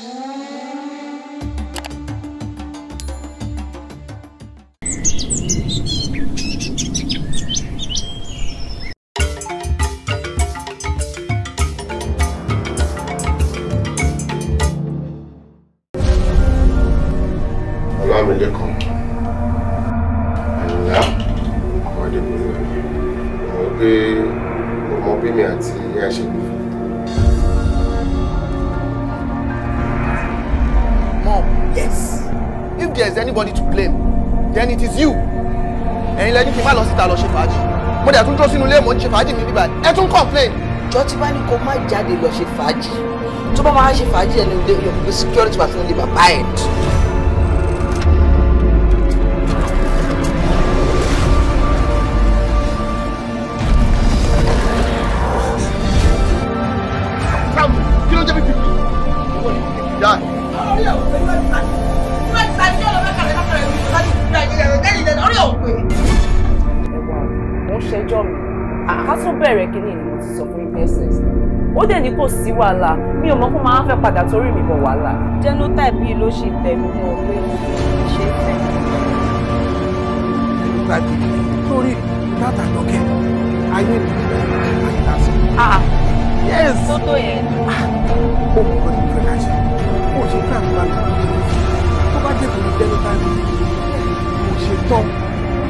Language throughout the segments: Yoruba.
Mm-hmm. sínú ilé mò ń ṣe fàájì mi bíbá ẹ tún complain. jọ tí bá ní kó má jáde lọ ṣe fàájì tó bá máa ṣe fàájì ẹni ilé yọ pé security wà fún ilé bàbá ẹ. sí wàhálà mi ò mọ̀ kó máa ń fẹ́ padà torí mi bọ̀ wàhálà. genotype yìí ló ṣe tẹ̀lé mọ́ pé ṣe tẹ̀. ìgbàgbé lórí tàtà lókè ayé mi ayé lásán. Ah, ah. yes. tó tó yẹn. Ah, ó mọ̀ ní ìfẹ́ láṣẹ ó ṣe tí àgbà mi tó bá jẹ́ ní genotype kò ṣe tọ́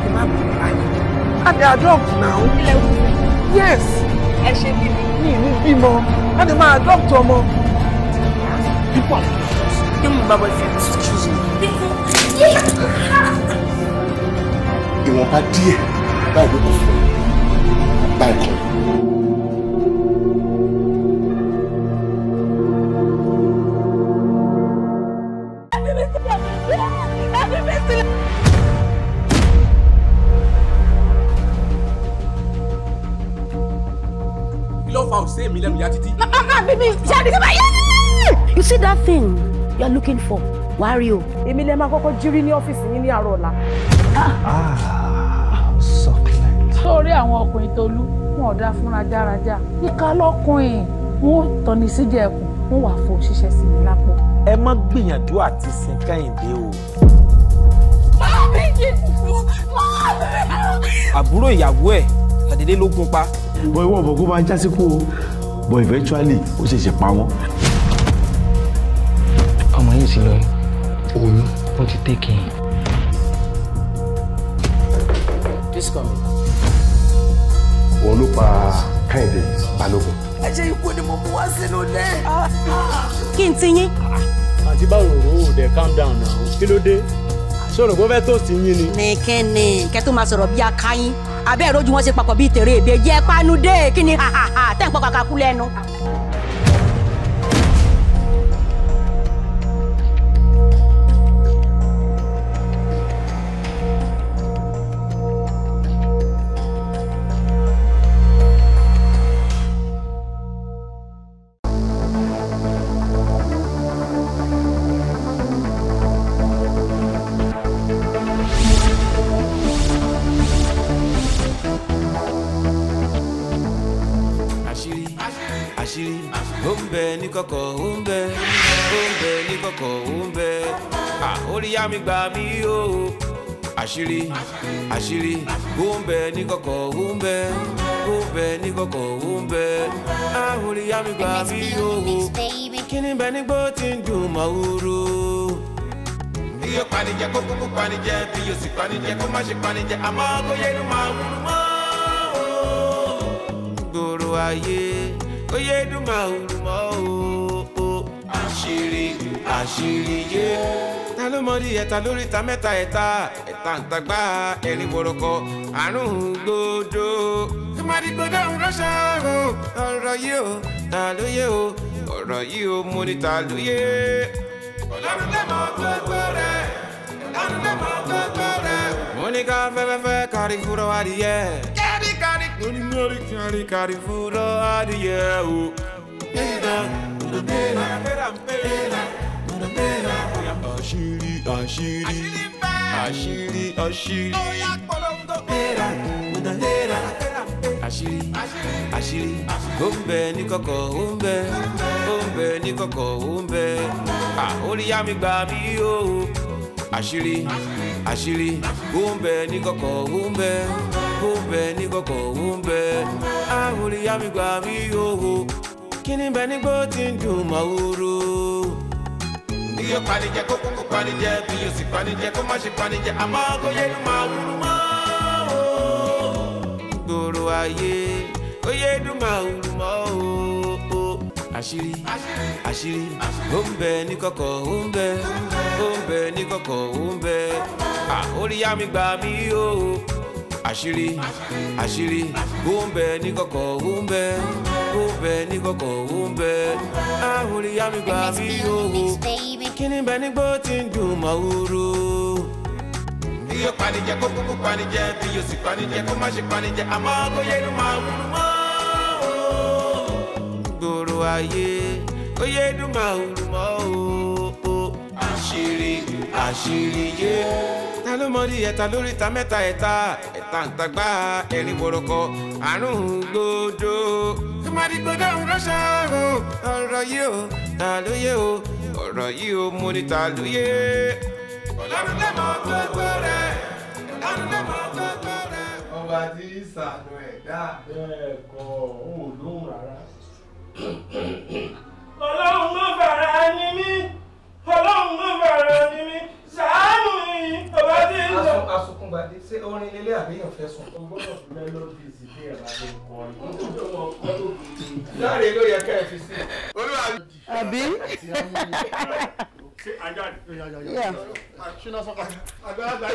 kí má bẹ̀rẹ̀ ayé. adé adult now. yes. ẹ ṣe bíbí. mi ì ní bímọ a lè máa adopt ọmọ. pípọ̀ ní mo bá wọ ìfẹ́ excuse me. You want díẹ̀ báyìí ló kọ̀ fún mi báyìí kọ̀. thing you are looking for wàá rí o. èmi lè máa kọ́kọ́ jírí ní ọ́fíìsì yín ní àárọ̀ ọ̀la. Ah, succulent. sórí àwọn ọkùnrin tolú wọn ò dá fúnra járaja ìka lọkùnrin wọn ò tọ́ni síjà ẹkùn wọn wàá fọ òṣìṣẹ́ sí mi lápò. ẹ má gbìyànjú àti sìn kẹ́hìndé o. àbúrò ìyàwó ẹ̀ àdédé ló gún pa. bọ ìwọ ọbọ kó máa jásí kú o but eventually ó ṣẹ̀ṣẹ̀ pa wọ́n sì lóyún oyún ó ti tẹ́kì yín. please come in. òun ló pa kẹ́hìndé balógun. ẹ ṣe ikú ni mo mú wá sínú ilé. kí n ti yín. àti báwo ro ò dé calm down náà kí ló dé sọ̀rọ̀ bó fẹ́ tó sí yín ni. nìkẹ́ni kẹ́ tó máa sọ̀rọ̀ bí akáyín abẹ́ẹ̀ rojú wọn ṣe papọ̀ bíi tèrè èbè jẹ́ pánú dé kí ni tẹ̀ ń pọ̀ kàkà kú lẹ́nu. àṣírí àṣírí ó ń bẹ ní kọ̀kọ̀ ó ń bẹ ó ń mi gbà mí yòówó kí ni bẹ nígbó tí ń dùn màwúrò. bí yóò panijẹ kó kúkú panijẹ bí yóò sì panijẹ kó má ṣe panijẹ àmọ́ kó yẹ inú máa wúlò mọ́ o. gbòòrò ayé kó yẹ inú máa wúlò mọ́ o. àṣírí àṣírí yé. ta ló mọ rí ẹ̀ta lórí ta mẹ́ta ẹ̀ta tàǹtàgbà ẹ̀rín wọ̀rọ̀kọ̀ àrùn gbòdò. ìmọ̀dìgbòdò ń rọ́ṣà o ọ̀rọ̀ yìí o ta ló yé o ọ̀rọ̀ yìí o mo ní ta ló yé. ọlọ́run lè mọ gbogbo rẹ̀ ọlọ́run lè mọ gbogbo rẹ̀. mo ní ká fẹ́fẹ́fẹ́ kárí fúrọ́ adìyẹ. kárí kárí lórí lórí kárí kárí fúrọ́ adìyẹ o. bẹ́ẹ̀ni mo lọ bẹ́ẹ̀ni mo lọ bẹ́ẹ̀ni àṣírí àṣírí. àṣírí àṣírí àṣírí. ó yá polongo. hera mo dán hera àṣírí àṣírí ó ń bẹ ní kọ̀kọ̀ ó ń bẹ ó ní kọ̀kọ̀ ó ń mi gbà mí o àṣírí àṣírí ó ń bẹ ní kọ̀kọ̀ ó ń bẹ ó ń ní kọ̀kọ̀ ó ń mi gbà mí o kí ni bẹ nígbó ń dùn màwòrò bí ó panijẹ kó kúkú panijẹ bí ó sì panijẹ kó má ṣe panijẹ àmọ́ kó yẹ ló máa wúlú mọ́ o. gbòòrò ayé ó yẹ ló máa wúlú mọ́ o. àṣírí àṣírí ó ń bẹ ní kọ̀kọ̀ ó ń bẹ ó ń bẹ ní kọ̀kọ̀ ó ń bẹ àóríyá mi gbà mí o àṣírí àṣírí ó ń bẹ ní kọ̀kọ̀ ó ń bẹ ó ń bẹ ní kọ̀kọ̀ ó ń bẹ àóríyá mi gbà mí o kíní bẹ nígbó tí ń dùn mọ́wúrú. bí yóò panijẹ kó kúkú panijẹ bí yóò sì panijẹ kó má ṣe panijẹ àmọ́ kó yẹnu máa wúru mọ́. gbòòrò ayé ó yẹnu máa wúru mọ́ o. àṣírí àṣírí yé. ta ló mọ rí ẹ̀ta lórí ta mẹ́ta ẹ̀ta ẹ̀ta ń tagbá ẹ̀rín wọ̀rọ̀kọ àrùn gbòdò. kí má di gbòdò ń rọ́ṣà ọ̀rọ̀ yìí o ta ló yẹ o ọ̀rọ̀ yìí ó mú níta lóye. ọlọ́run lè mọ gbogbo rẹ̀ ọlọ́run lè mọ gbogbo rẹ̀. ọba tí sànù ẹ̀dá bẹ́ẹ̀ kọ òun lóhùn rárá. ọlọ́run mú bàrà ni mí ọlọ́run mú bàrà ni mí ṣàánú mi ọba tí. asokun gbadé ṣé orin ilé àbíyàn fẹ́ sùn. o gbọ́dọ̀ fi mẹ́lọ́dì láàrin ló yẹ ká ẹ fi sí. olúwa mi. àbí. àgbàlagbà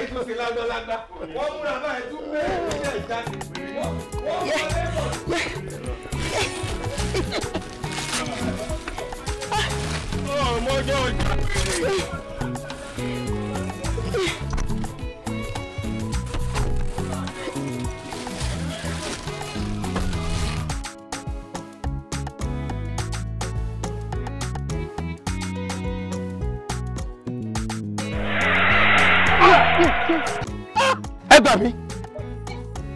ẹ gbà mí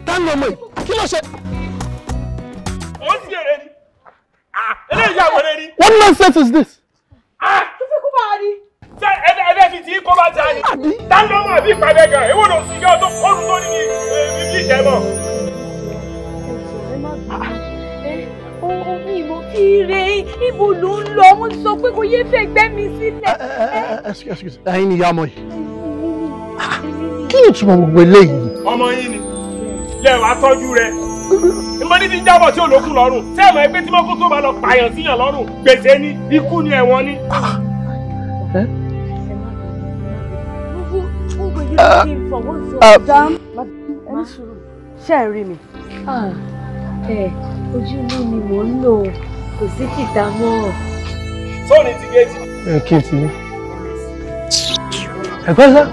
táwọn ọmọ yìí kí ló ṣe. ó ń jèrè ni eléyìí àwọ̀rẹ́ ni. what nonsense is this. tó fi kú bá a ni. ṣé ẹ̀dẹ̀ ẹ̀dẹ̀ fi ti kó bá ta ni. táwọn ọmọ àbí ìpàdé gan èwo ló sì yọ ọdún kọ́ọ̀rù tó ní ní ìjẹ́bọ̀. Omi ìmọ̀ ibo ló ń lọ, wọ́n sọ pé kò yé fẹ́ gbẹ́ mi sílẹ̀. Eh, eh, eh, Ẹyin ni ìyá ọmọ yìí ní ìtumọ̀ gbogbo eléyìí. ọmọ yín ni lẹ́wàá tọ́jú rẹ̀ ìmọ̀ ní ti jábọ̀ tí olókùn lọ́rùn tí ẹ̀mọ̀ ẹgbẹ́ tí mọ́kún tó bá lọ pààyàn síyàn lọ́rùn gbèsè ni ikú ni ẹ̀wọ̀n ni. Ah, ah. ṣé ẹ rí mi. Ah, ojú mi ni mò ń lò kò sí kìtà mọ́. sọ́ọ̀nì ti géètì. ẹ kí n ti. ẹ̀gbọ́n sá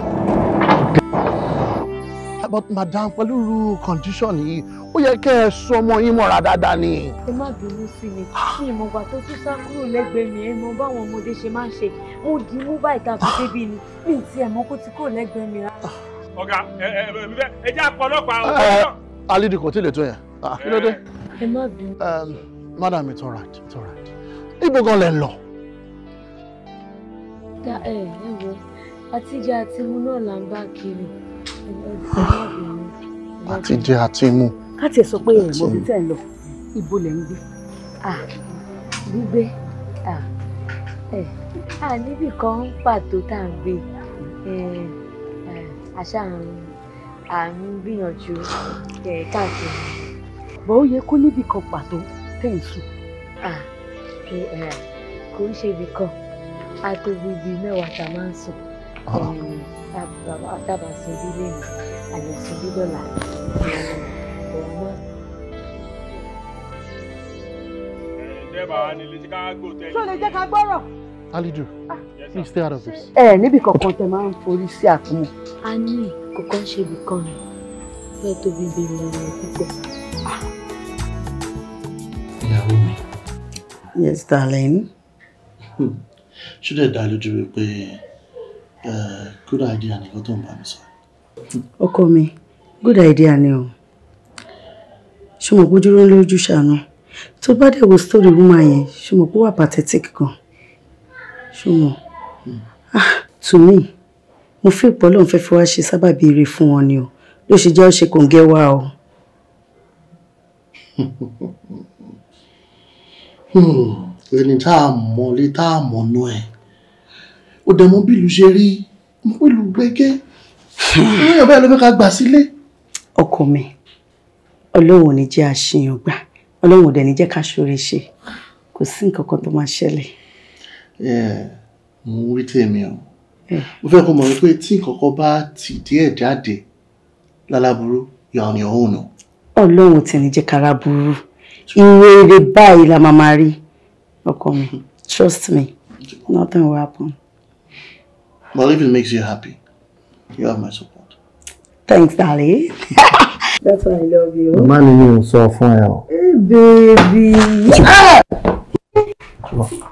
but madam pẹ̀lú irú condition yìí ó yẹ kẹ́ ẹ sọ ọmọ yín mọ́ra dáadáa ni. ẹ má bínú sí mi kí ìmọ̀gbà tó tún sá kúrò lẹ́gbẹ̀ẹ́ mi ẹ mọ báwọn ọmọdé ṣe máa ń ṣe mo dì í mú báyìí tàbí débi ni mi ì tiẹ̀ mọ kó ti kúrò lẹ́gbẹ̀ẹ́ mi rárá. ọ̀gá ẹ ẹ ẹ jẹ́ àpọ̀lọpàá. alidi kò tí ì lè tó yẹn kí ló dé. ẹ má bínú. Um, madam it's alright it's alright ibo gan lẹ ń lọ. ẹ ẹ wo àtijọ́ àti mu náà là ń bá kiri. Ah, àti jẹ àti mu. ká tiẹ̀ sọ pé ẹ̀ mọ̀ bí tẹ̀ ń lọ ibo lẹ̀ ń gbé gbígbé à níbì kan pàtó tá à ń gbé àṣà à ń gbìyànjú káàkiri bọ́ ó yẹ kó níbì kan pàtó tẹ̀ ń sùn kò ń ṣe ibì kan a tó gbogbo mẹ́wàá tá a máa ń sùn. Ah tábà sí ilé mi àjẹsí dídọ́là alidu please stay out of this. Eh, níbi kankan tẹ máa ń forí sí àkúmọ. a ní kókó ṣe to be rẹ fẹ́ tóbi bèrè Yes, darling. Should I dial you to be? good idea ni kó tó mi sọ. ọkọ mi good idea ni o ṣé mo gbójú ló ń lójú ṣàánú tó bá dẹ̀ wo story woman yẹn ṣé mo pé wà pathetic gan ṣé mo hmm. ah to me mo fi ìpọ́ lóun fẹ́ fi wá ṣe sábàbí ire fún wọn ni o ló ṣe jẹ́ ó ṣe kòǹgẹ́ wá o. Hmm. ẹni tá a mọ̀ lé tá a mọ̀ nú ẹ̀ ó dẹ̀ mú bílù ṣe rí mo pẹ̀lú gbẹ́gẹ́ lóyún bẹ́ẹ̀ ló fẹ́ ká gbà sílé. ọkọ mi ọlọ́run ò ní jẹ́ àṣeyàn gbà ọlọ́run ò dẹ̀ ní jẹ́ ká ṣoore ṣe kò sí nǹkan kan tó máa ṣẹlẹ̀. ẹ mo ń wí tèmi o mo fẹ́ kó mọ̀ wípé tí nǹkan kan bá ti díẹ̀ jáde lálábúrú yà ọ́ ọ̀hún nù. ọlọ́run ti ní jẹ́ kára burú ìwé eré báyìí la máa máa rí ọkọ mi trust me nothing will happen. Well, if it makes you happy, you have my support. Thanks, darling. That's why I love you. The Man, in you so fine. Hey, baby. Ah! Oh.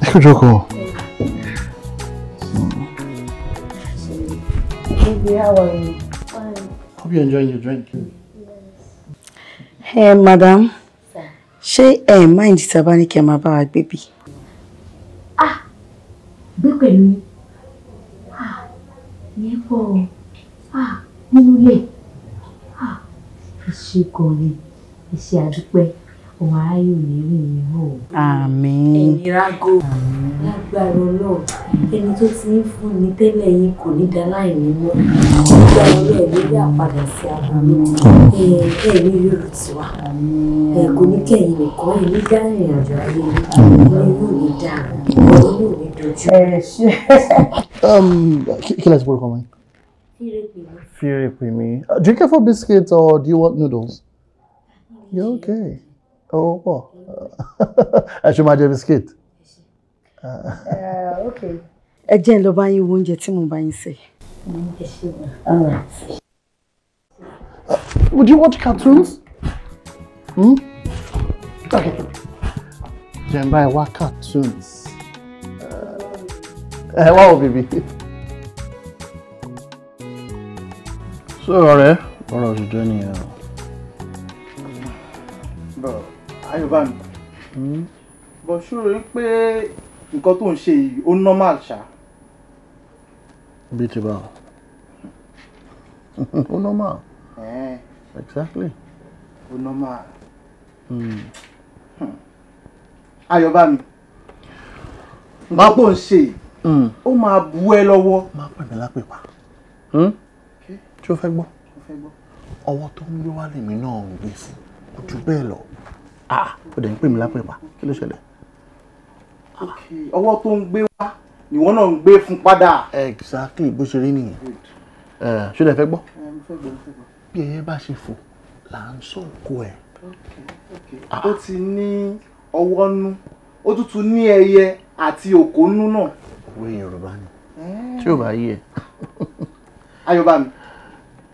Ecco gioco. Baby, how are you? Hope you're enjoying your drink. Yes. Hey, madam. Ṣé ẹ mind tí a came about baby. ẹ máa bá wa Ah, gbé pẹ̀lú ah, ìyẹn ah, nínú ilé ah, ẹ ṣe gan ni, ẹ ṣe wàáyò nírú ìró. àmín. ẹ̀yin rágò lágbára ọlọ́run ẹni tó ti ń fún ni tẹ́lẹ̀ yìí kò ní dá láìní mọ́ lágbára ọlọ́run lórí àpàdà sí àbámọ́ ẹ̀ ní yóò ti wá ẹ̀ kò ní kẹ́yìn nìkan ẹ̀ ní dá ìrìnàjò ayé ní yóò ní dá ọ̀rọ̀ yóò ní dojú. ẹ ṣe. Um, kí lẹ́sìn pórúkọ mọ́ ẹ. Fury Pimi. Uh, do you care for biscuits or do you want noodles? You're okay owó pọ̀ ẹ ṣe máa jẹ biskit. Eh, ẹ jẹ́ ń lọ bá yín wo oúnjẹ tí mo bá yín sè. Would you watch cartoons? Hmm? Okay. Jẹ́ ń bá ẹ wá cartoons. Eh, ẹ wá wo bèbí. So ọ̀rẹ́, ọ̀rọ̀ òṣìṣẹ́ nìyẹn o. Bro ayọ̀bá mi bọ̀ ṣòro rí pé nǹkan tó ń ṣe yìí ó normal ṣá. bíi ti bá ó normal. Eh. exactly. ó normal. Hmm. Hmm. ayọ̀bá mi nǹkan tó ń ṣe yìí hmm. ó máa bu ẹ lọ́wọ́. máa pè mí lápèpá tí o fẹ́ gbọ́ ọwọ́ tó ń gbé wálé mi náà ń gbé fún ojú bẹ́ẹ̀ lọ ah ó dẹ̀ ń pè mí lápẹ̀pà kí ló ṣẹlẹ̀. ọwọ́ tó ń gbé wá ìwọ náà ń gbé fún padà. exactly bó ṣe rí nìyẹn ṣó lè fẹ́ gbọ́ bí ẹyẹ bá ṣe fò là ń sọ̀kò ẹ̀. Ah. ó ti ní ọwọ́ nú ó tútù ní ẹyẹ àti òkò nú náà. òwe yorùbá ni tí ò bá yí ẹ. ayọ̀bámi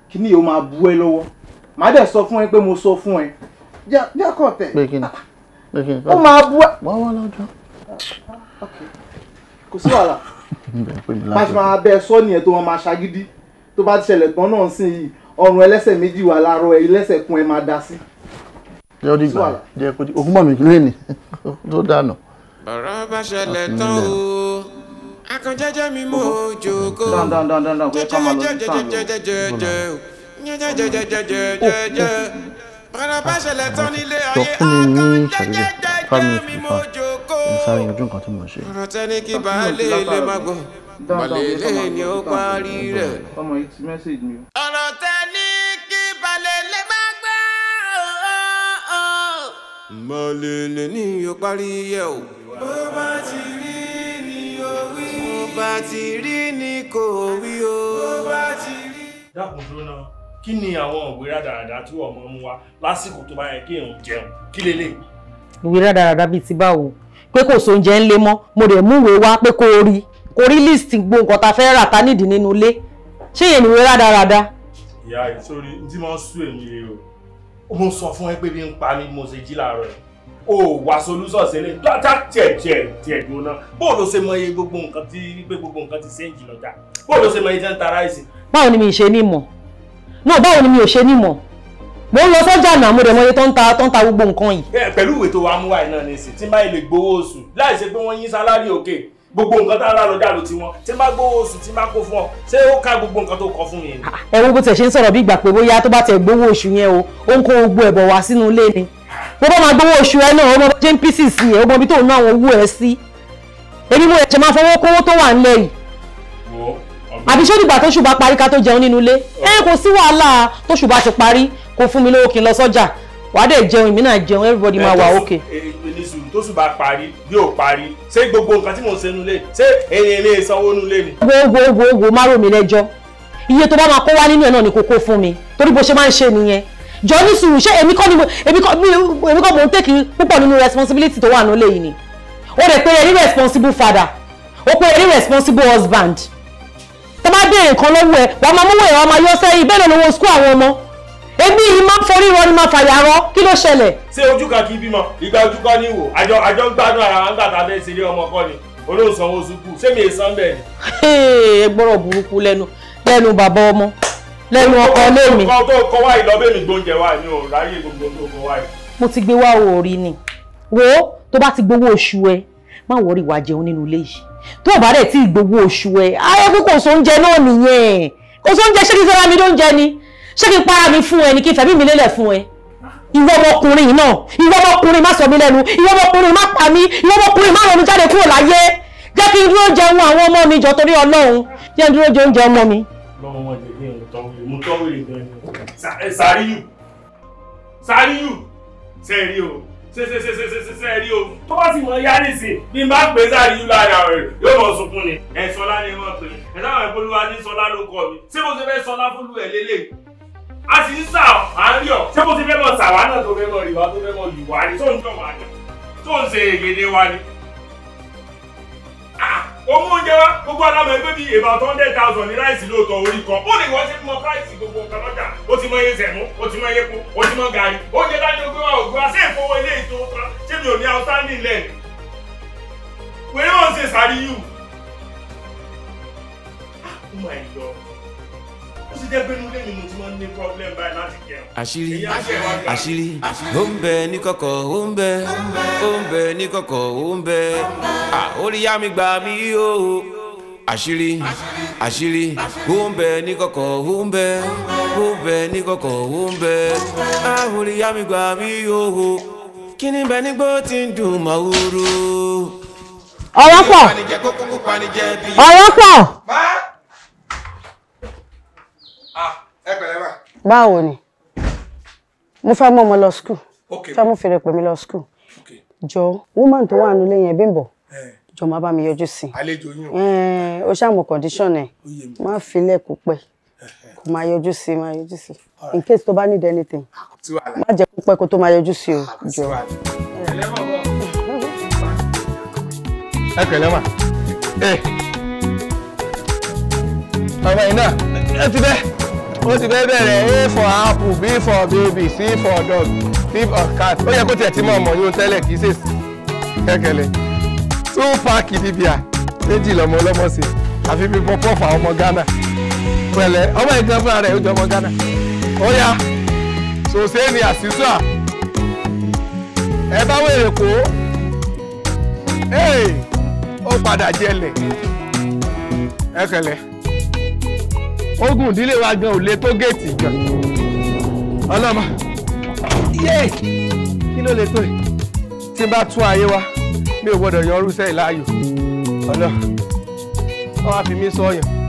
kí ni yóò máa bú ẹ lọ́wọ́ màá dẹ̀ sọ fún ẹ pé mo sọ fún ẹ jẹ́ kàn tẹ̀. pé kí ni pé kí ni. ó máa bú ẹ. wá wá lọ́jọ́. Ah, kò sí wàhálà máa ṣe máa bẹ sọ nìyẹn tó wọn máa ṣagídí tó bá ti ṣẹlẹ̀ tán náà sí yìí ọrùn ẹlẹ́sẹ̀ méjì wà láàárọ̀ ẹ lẹ́sẹ̀ kún ẹ máa da sí. jẹ́ ó dìgbà jẹ́ kó di ogún mọ̀mí lé ní tó dànù. ọ̀rọ̀ bá ṣẹlẹ̀ tán o akànjẹ́jẹ́ mi mú o jòkó sọ ah, fún mi ní ìṣàlẹ̀ five minutes before mo sáré yanjú nǹkan tí mo ṣe. ọ̀rọ̀ tẹ́ni kí baálé ilé má gbọ́ balẹ̀lẹ̀ ni ó parí rẹ̀. ọ̀rọ̀ tẹ́ni kí baálé ilé má gbọ́ balẹ̀lẹ̀ ni ó parí yẹ̀ o. bó bá ti rí ni o wí. bó bá ti rí ni kò wí o. bó bá ti rí. dákun dúró náà kí ni àwọn òwe rádaràdà tí ọmọ ń wá lásìkò tó bá yẹ kí èèyàn jẹun kí lélẹ̀. òwe rádaràdà bíi ti báwo pé kò sóúnjẹ ń lé mọ́ mo dẹ̀ mú ìwé wá pé kó o rí kó rí list gbogbo nǹkan ta fẹ́ rà ta nídìí nínú ilé ṣé èèyàn ìwé rádaràdà. ìyá ìsórí tí mo sún èmi rè o mo sọ fún ẹ pé bí n pa ni mo ṣe jí láàárọ̀ yìí o wà solúsọ̀ sílẹ̀ dọ́tà tiẹ̀ tiẹ̀ tiẹ̀ gbóná bóò ló ṣe mọ iye gbogbo nǹkan tí gbogbo nǹkan ti ṣe ń jìnnà já bóò ló ṣe mọ iye tí ń ta ráìsì. báwo ni mi ṣe ní mọ̀ náà báwo ni mi ò ṣe ní mọ̀ mo ń lọ sọ́jà náà mo dẹ̀ mọ iye tó ń ta tó ń ta gbogbo nǹkan yìí. bẹ́ẹ̀ pẹ̀lú ìwé tó wàá mú wáyé náà ní tí máa lè gbowó oṣù láì ṣe pé wọ́n yín sálárì òkè gbogbo nǹkan tá a rà lọ́jà ló ti wọn tí máa gbowó oṣù tí máa kó fún ọ ṣé ó ká gbogbo nǹkan tó kọ fún mi. ẹ wo bó tẹ̀ ṣe ń sọ̀rọ̀ bí ìgbà pé bóyá tó bá tẹ̀ gbowó oṣù yẹn o ó ń kó gbogbo ẹ̀bọ̀ wá sínú ilé ni bó bá máa gbowó oṣù ẹ náà ó mọ jẹ́ ń pieces yẹn ó mọ ibi tó ń ná àwọn owó ẹ sí èmi àbí ṣé dìgbà tóṣù bá parí ká tó jẹun nínú ilé ẹ kò sí wàhálà tóṣù bá ti parí kò fún mi lówó kí n lọ sọ́jà wàá dẹ̀ jẹun èmi jẹun everybody máa wà òkè. ènìṣù tóṣù bá parí bí ò parí ṣé gbogbo nǹkan tí mò ń ṣe nulẹ̀ ṣé èyí ilé sanwó nulẹ̀ ni. wo wo wo wo má rò mí lẹ́jọ́ iye tó bá máa kó wá nínú ẹ̀ náà ni kò kó fún mi torí bó ṣe máa ń ṣe nìyẹn jọ ní sùúrù ṣé èmi kọ́ èmi kọ́ mò ń tèkì púpọ̀ nínú responsibility tó wà nílé yìí ni ó rẹ̀ pé ẹni responsible father O pé ẹni responsible husband bá béèrè nǹkan lọ́wọ́ ẹ̀ wàá máa mówó ẹ̀ wàá máa yọ sẹ́yìn bẹ́ẹ̀ lọ́wọ́ sukú àwọn ọmọ èmi yìí máa ń forí rọ ni máa fàyà rọ kí ló ṣẹlẹ̀. ṣé ojú kan kì í bímọ ìgbà ojú kan ní ìwò àjọ àjọ ń gbádùn ara wa ń gbàtà bẹ́ẹ̀ ṣeré ọmọ kọ́ ni olóòsanwó sukú sẹ́mi èsán bẹ́ẹ̀ ni. ẹ gbọ́rọ̀ burúkú lẹ́nu lẹ́nu bàbá ọmọ lẹ́nu ọkọ lẹ́mi. ọkọ tó kọ wá ìlọ́bẹ̀ mi gbóúnjẹ wá ni o ráyè gbogbo tó kọ wá yìí. mo ti gbé wá òòrì ni wo tó bá ti gbowó oṣù ẹ má wọrí wàá jẹun nínú ilé yìí tó bá dẹ̀ tí gbogbo oṣù ẹ̀ ayé kó kò sóúnjẹ náà nìyẹn kò sóúnjẹ ṣé kí fẹ́ra mi ló ń jẹ ni ṣé kí para mi fún ẹ ni kí fẹ̀mí mi lélẹ̀ fún ẹ ìwọ ọmọkùnrin náà ìwọ ọmọkùnrin má sọ mí lẹ́nu ìwọ ọmọkùnrin má pa mí ìwọ ọmọkùnrin má rọ mi jáde kúrò láyé jẹ́ kí n dúró jẹun àwọn ọmọ mi jọ torí ọlọ́run jẹ́ n dúró jẹ oúnjẹ ọmọ mi. lọ́wọ́ wọn jẹ mo tọ́wé ṣẹṣẹṣẹṣẹṣẹ rí o tó bá sì mọ yára sí bí n bá pè sáré yìí lára rẹ yóò mọ sunkún ni. ẹ sọlá ni mo pè é ẹ dáhùn ìpolówó ní sọlá ló kọ mi ṣé mo ti fẹ́ sọlá fúlù ẹ̀ lélẹ̀ a sì ń sà á ń rí ọ ṣé mo ti fẹ́ mọ sàwá náà tó fẹ́ mọ rìwá tó fẹ́ mọ yùwá ni tó ń jọ wá ni tó ń ṣe ègèdè wa ni owó oúnjẹ wa gbogbo alámọ̀ ẹgbẹ́ bíi about hundred thousand ní ráìsì lóòótọ́ orí kan ó lè wọ́n ṣe mọ price gbogbo nǹkan lọ́jà ó ti mọ iye sẹ̀mú ó ti mọ iye epo ó ti mọ gàrí oúnjẹ dání ogún wa ògùn àṣẹ ìfowó ilé ètò ọ̀tá ṣé mi ò ní haúsá ní ilẹ̀ wẹ́rẹ́ wọn ṣe sáré yìí. Ah, oh my God ó sì jẹ́ pé inú ilé mi mo ti máa ń ní problem báyìí láti jẹun. àṣírí àṣírí ó ń bẹ ní kọ̀kọ̀ ó ń bẹ ó ń bẹ ní kọ̀kọ̀ ó ń bẹ àóríyá mi gbà mí o àṣírí àṣírí ó ń bẹ ní kọ̀kọ̀ ó ń bẹ ó ń bẹ ní kọ̀kọ̀ ó ń bẹ àóríyá mi gbà mí o kí ni bẹ nígbó tí ń dùn màwúrú. ọ̀rọ̀ pọ̀ ọ̀rọ̀ pọ̀. pẹ̀lẹ́ ma. báwo ni mo fẹ́ mọ́ ọmọ lọ skul fẹ́ mú fèrè pè mí lọ skul jọ woman tó wà nílé yẹn Bímbọ́ eh. jọ máa bá mi yọjú sí i àlejò yín o eh, ṣàmù condition ẹ má filẹ̀ kó pẹ́ eh. kó máa yọjú sí máa yọjú sí in case tó bá need anything má jẹ́ kó pẹ́ kó tó máa yọjú sí o jọ. ẹ pẹ̀lẹ́ ma ọmọ yìí náà ẹ ti bẹ́ẹ̀ mo sì fẹ́ bẹ̀rẹ̀ a for apple b for baby c for dog d for cat ó yẹ kó tiẹ̀ ti mọ̀ ọmọ yóò tẹ́lẹ̀ kì í ṣe kẹ́kẹ́lẹ́ two pack ìdíbíà méjì lọ́mọ ọlọ́mọ sí àfi bí pọ́pọ́ fà ọmọ Ghana pẹ̀lẹ́ ọmọ ìgbọ́n fúnra rẹ̀ ó jọ ọmọ Ghana ó yá sòsé ni àṣìṣà ẹ bá wèrè kó ó padà jẹlẹ̀ ẹ kẹlẹ́ ogun ìdílé wa gan ò lè tó géètì gan ọlọ́mọ yé kí ló lè tó yìí tí bá tún ayé wa mi ò gbọ́dọ̀ yan ọrú sẹ́yìn láàyò ọlọ́ wọn á fi mí sọ ọyàn.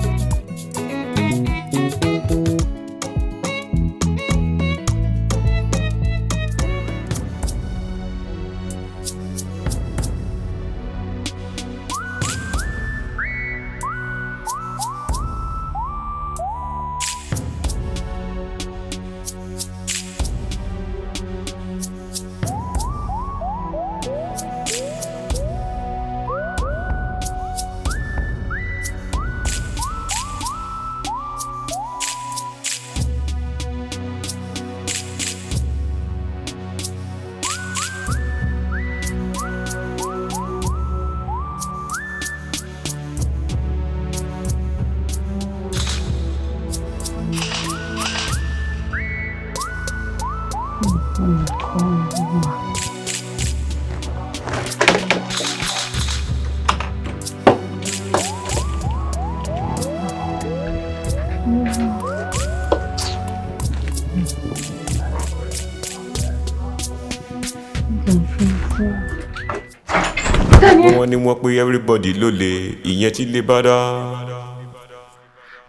wọ́n pé everybody ló lè ìyẹn tí lè bá dá.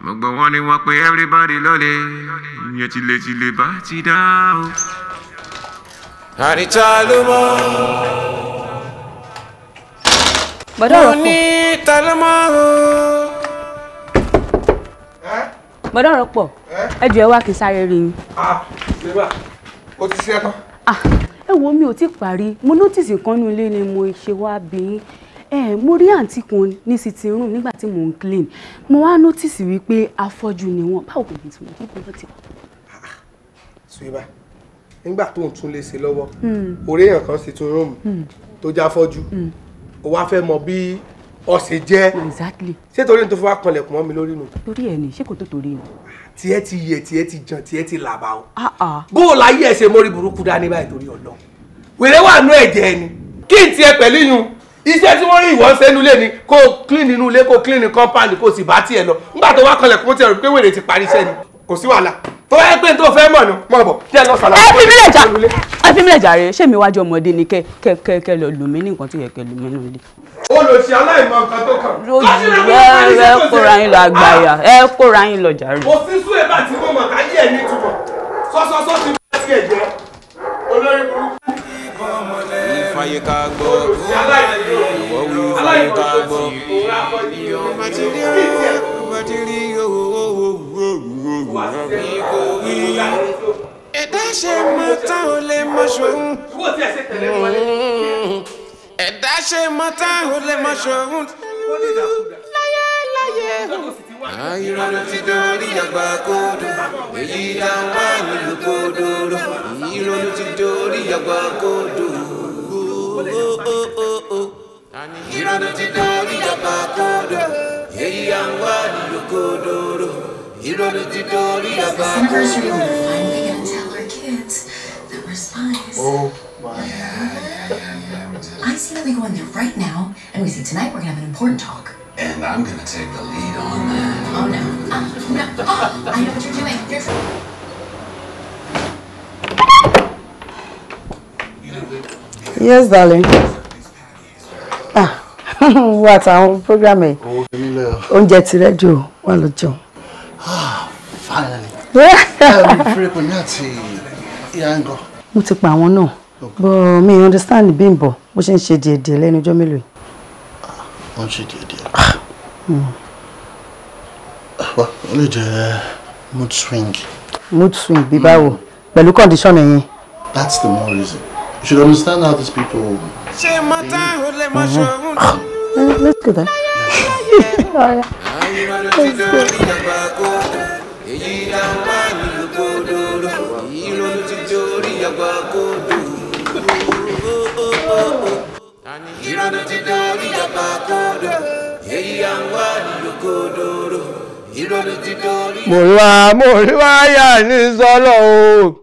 gbogbo wọn ni wọ́n pé everybody ló lè ìyẹn tí lè ti lè bá ti dá o. àríta ló mọ̀. bọ́dọ̀ rọ̀ kù. mo ní ta ló mọ̀ o. bọ́dọ̀ rọ̀ pọ̀ ẹ jù ẹ wá kí n sáré rí yín. ó ti ṣe é tán. ẹ wo mi ò tí parí mo notice nǹkan nínú ilé ni mo ṣe wá bí yín ẹ mo rí àǹtí kan ní sitting room nígbà tí mò ń clean mo wá notice wípé afọ́jú ni wọ́n báwo kò ní tí mo kí kò wọ́n ti wà. suweba nígbà tó ń tún lè ṣe lọ́wọ́ ọ̀rẹ́ hmm. èèyàn kan sitting room hmm. tó já fọ́jú ó hmm. wá fẹ́ mọ bí ọ̀sẹ̀ jẹ́ ṣé torí ní tó fi wá kanlẹ̀kùn mọ́ mi lórí nù. torí ẹ ní ṣé kò tó torí ni. tiẹ́ ti yẹ tiẹ́ ti jàn tiẹ́ ti làbà o. Ah, ah. bó o láyé ẹ̀ ṣe mórí burúkú dání báyìí torí ọ̀dọ́ wèrè wà nú ẹ̀jẹ̀ ni kí n tiẹ̀ pẹ̀lú yun iṣẹ́ tí wọ́n rí ìwọ ń sẹ́nu lé ni kó o clean inú ilé kó o clean compound kó o sì bá tiẹ̀ lọ nígbà tó wá kanlẹ̀ kó o tiẹ̀ rò pé wèrè ti parí iṣẹ́ ni kò sí wàhálà tó wáyé pé tó fẹ́ mọ̀ nù mọ̀ bọ̀ kí ẹ lọ sàlàyé. ẹ fi mílẹ̀ jà ẹ fi mílẹ̀ jà rẹ ṣé mi wájú ọmọdé ni kẹ kẹ kẹ kẹ lọ lù mí ní nǹkan tó yẹ kẹ lù mí nílé. olùsí aláìmọ̀ nǹkan tó kàn. lójú ẹ ah! ẹ kóra yín lọ àgbáyà ẹ kóra yín lọ jàre. òfin sún èbá tí mo mọ̀ káyé ẹ̀ ní túbọ̀ sọ́sọ́sọ́ ti bá tiẹ̀ jẹ́ olórí burúkú fàyè ká gbọ́ ìwọ wí fàyè ká gbọ́. ìwà ti rí ìwà ti rí ìkò rí ẹ̀dá ṣe mọ táwọn lè mọ ṣòun. ẹ̀dá ṣe mọ táwọn lè mọ ṣòun. láyé ti dorí àgbà kodo èyí dáhùn wá nílùú kodoro ìrọ̀ ló ti dorí àgbà kodo. Hirano Oh my I see that we go in there right now and we say tonight we're gonna have an important talk. And I'm gonna take the lead on that. Oh no. no. I know what you're doing. You're... Yes, darling. Ah, wà táwọn programme yìí. Owó kìíní lẹ̀ o. Oúnjẹ ti rẹ́díò wà ló jẹun. Ah, finally. Ẹ̀rù fúrépù ní àti Yango. Mo ti pa àwọn náà. Bọ̀ mi understand Bímbọ̀ bó ṣe ń ṣe díẹ̀díẹ̀ lẹ́nu ọjọ́ mélòó yìí. Ah, wọ́n ń ṣe díẹ̀díẹ̀. Ah, hmm. Wọ́n lè jẹ́ mood swing. Mood swing bí báwo? Hmm. Pẹ̀lú condition ẹ̀yìn. That's the more reason. should understand how these people. Uh-huh. Let's do that. mo wá mo wá yà ní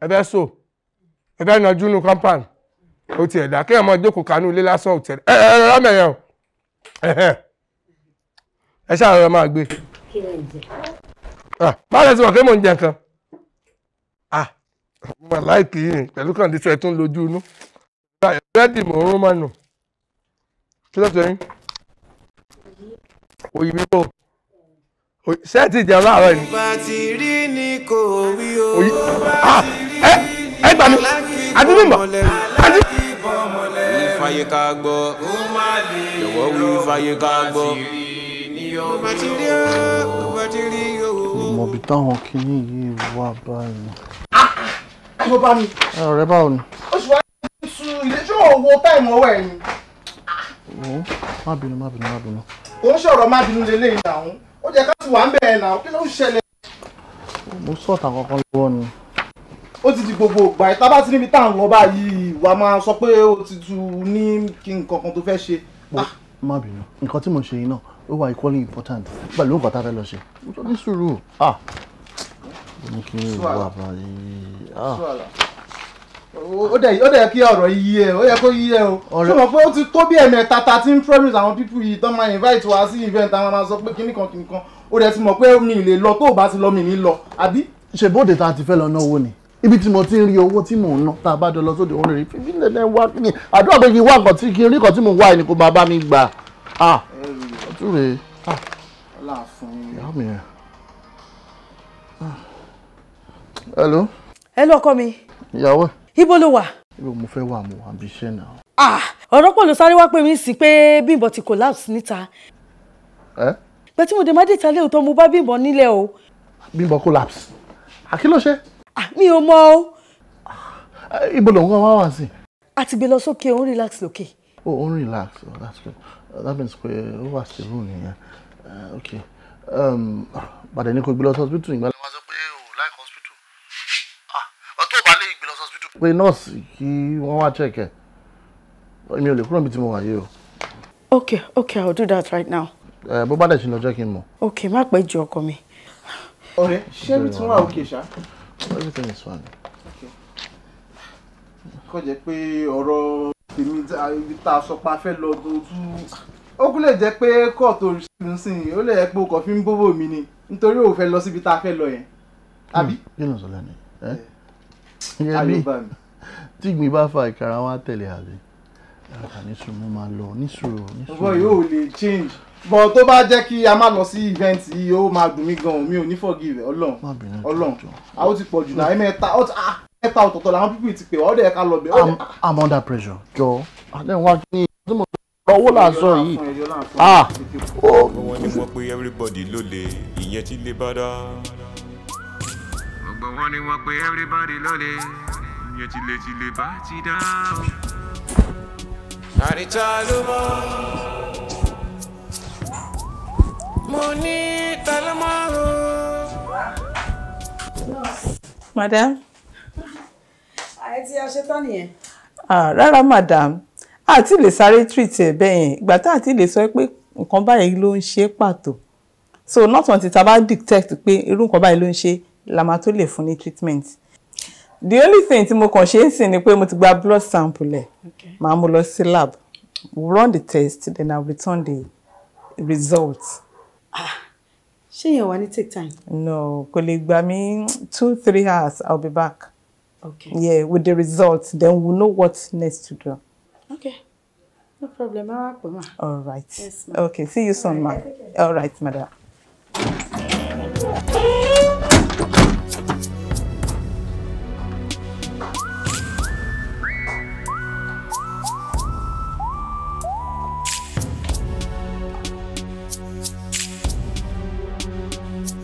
ẹ so ẹ fẹ́ nàjú nu compound ó tiẹ̀ dá kéèyàn máa jókòó kanú ilé lásán ó tiẹ̀ ẹ ẹ ẹ rámẹ̀yẹ o ẹ ṣáà rẹ máa gbé má lẹ́sìn wọ̀ pé mò ń jẹ nǹkan mo láìkì yìí pẹ̀lú kàn díṣẹ́ tó ń lójú inú búrẹ́dì mò rún mọ́nù kí ló tó yín òyì bò ṣẹ́ẹ̀tì ìjẹun láàárọ̀ yìí. rí ni kò wí o bá ti rí. E, ẹ gbà mí àdúgbò mọ̀ àdúgbò. wí fàyè ká ah, ah, ni. oṣù wa ti su ìlẹ́jọ́ owó táìmù ọwọ́ ẹ̀ ni. Ah. má bínú má bínú má bínú. òun ṣọ̀rọ̀ má bínú lélẹ́yìn náà ó ti di gbogbo ìgbà yìí tábà ti níbi tá à ń lọ báyìí wàá máa sọ pé ó ti tu ní kí nǹkan kan tó fẹ́ ṣe. Ah. má bínú nǹkan tí mo ṣe yìí náà ó wà equally important pẹ̀lú nǹkan tá a fẹ́ lọ ṣe mo sọ ní sùúrù ah ní kí n wà báyìí ah. ó dẹ̀ ó dẹ̀ kí ọ̀rọ̀ yí ẹ ó yẹ kó yí ẹ o ṣé mo pé ó ti tó bí ẹ̀mẹ́ta ta ti ń promise àwọn pípù yìí tán máa invite wá sí event àwọn máa sọ pé kíníkan kíníkan ó dẹ̀ ti mọ̀ pé mi ì lè lọ tó o bá ti lọ mi ì ní lọ àbí. ṣèbóde ta ti fẹ́ lọ náwó ni ibi tí mo ti ń rí owó tí mò ń ná tá a bá jọ lọ sóde òun rèé fífi lè lẹ́ wá kí ni àdúrà pé kí n wá nǹkan tí kí n rí nǹkan tí mò ń wá ẹni kó máa bá mi gbà á ọtún mi ẹ. hello. hello ọkọ mi. ìyàwó. ibo ló wà. ibo mo fẹ́ wà mo wà bí iṣẹ́ náà. ah ọ̀rọ̀ pọ̀ ló sáré wá pè mí sí pé Bímbọ́ ti collapse níta. ẹ. pẹ̀tí mo dé má dé ìtàlẹ́ òótọ́ mo bá Bímbọ́ nílẹ̀ o. Bímbọ́ collapse àkí Ah, mi ò mọ o. Ah, ibo lòun kan wá wá sí. a ti gbé lọ sókè òun relax lókè. o oh, òun relax oh that's good uh, that means pé ó wà sí room nìyẹn uh, ok um, bàdé ni kò gbé lọ sí hospital ìgbàlẹ̀ wá sọ pé o like hospital ọtọ́ ah, ò bá lè gbé lọ sí hospital. pé nọ́ọ̀sì kí wọ́n wá check ẹ̀ èmi ò lè kúrò níbi tí mo wà yìí o. ok ok i will do that right now. Uh, bó bá dẹ̀ ṣe lọ jẹ́ kí n mọ̀. ok má pẹ́ ju ọkọ mi. ọ̀rẹ́ ṣé mi tún wà òkè ṣá everything is fine. kọ́ jẹ́ pé ọ̀rọ̀ tèmi tá a sọ pa fẹ́ lọ tó tú ó kú lè jẹ́ pé kóòtù nísìnyí ó lè jẹ́ pé o kàn fi ń bóbó mi ni nítorí o fẹ́ lọ síbi tá a fẹ́ lọ yẹn àbí. Hmm, kí ló ń sọ lẹ́nu eh? eh, ẹ ẹ bí tí ìgbín bá fa ìkara wa tẹ̀lé àbí ní sùúrù mo máa lọ ní sùúrù ní sùúrù. ọgbọ́n yóò lè change but tó bá jẹ́ kí a má lọ sí event yìí ó máa dùn mí gan-an mi ò ní forgive ọlọ́run ọlọ́run àwọn ti pọ̀ jù náà ẹ̀mẹ́ta ah, ẹ̀ta ọ̀tọ̀ọ̀tọ̀ làwọn pípì ti pè wá ọ̀dẹ̀ ẹ̀ka lọ bẹ̀ ah. I'm under pressure jọ àdéhùn wá ní ìdúmọ̀ owó là ń sọ yìí ah ó. wọ́n ní wọ́n pé everybody ló lè ìyẹn ti lè bá dá. wọn ni wọ́n pé everybody ló lè ìyẹn ti lè ti lè bá ti dá. àrítà ló mọ̀ mo ní tẹlẹmọ́rún. madam. àìtí aṣetán nìyẹn. rárá madam a ti lè sáré treat ẹ bẹ́ẹ̀ yẹn ìgbà tá a ti lè sọ pé nǹkan báyìí ló ń ṣe pàtó so not until tá bá detect pé irú nǹkan báyìí ló ń ṣe la máa tó lè fún ní treatment the only thing tí mo kàn ṣe ń sìn ni pé mo ti gba blood sample ẹ màá mú lọ sí lab run the test then i return the results. Ah, ṣé èèyàn wà ní take time. no kò lè gbà mí two three hours i'll be back. okay yeah with the results then we we'll know what next to do. okay no problem ara pè mà. all right yes, okay see you soon ma all right madam.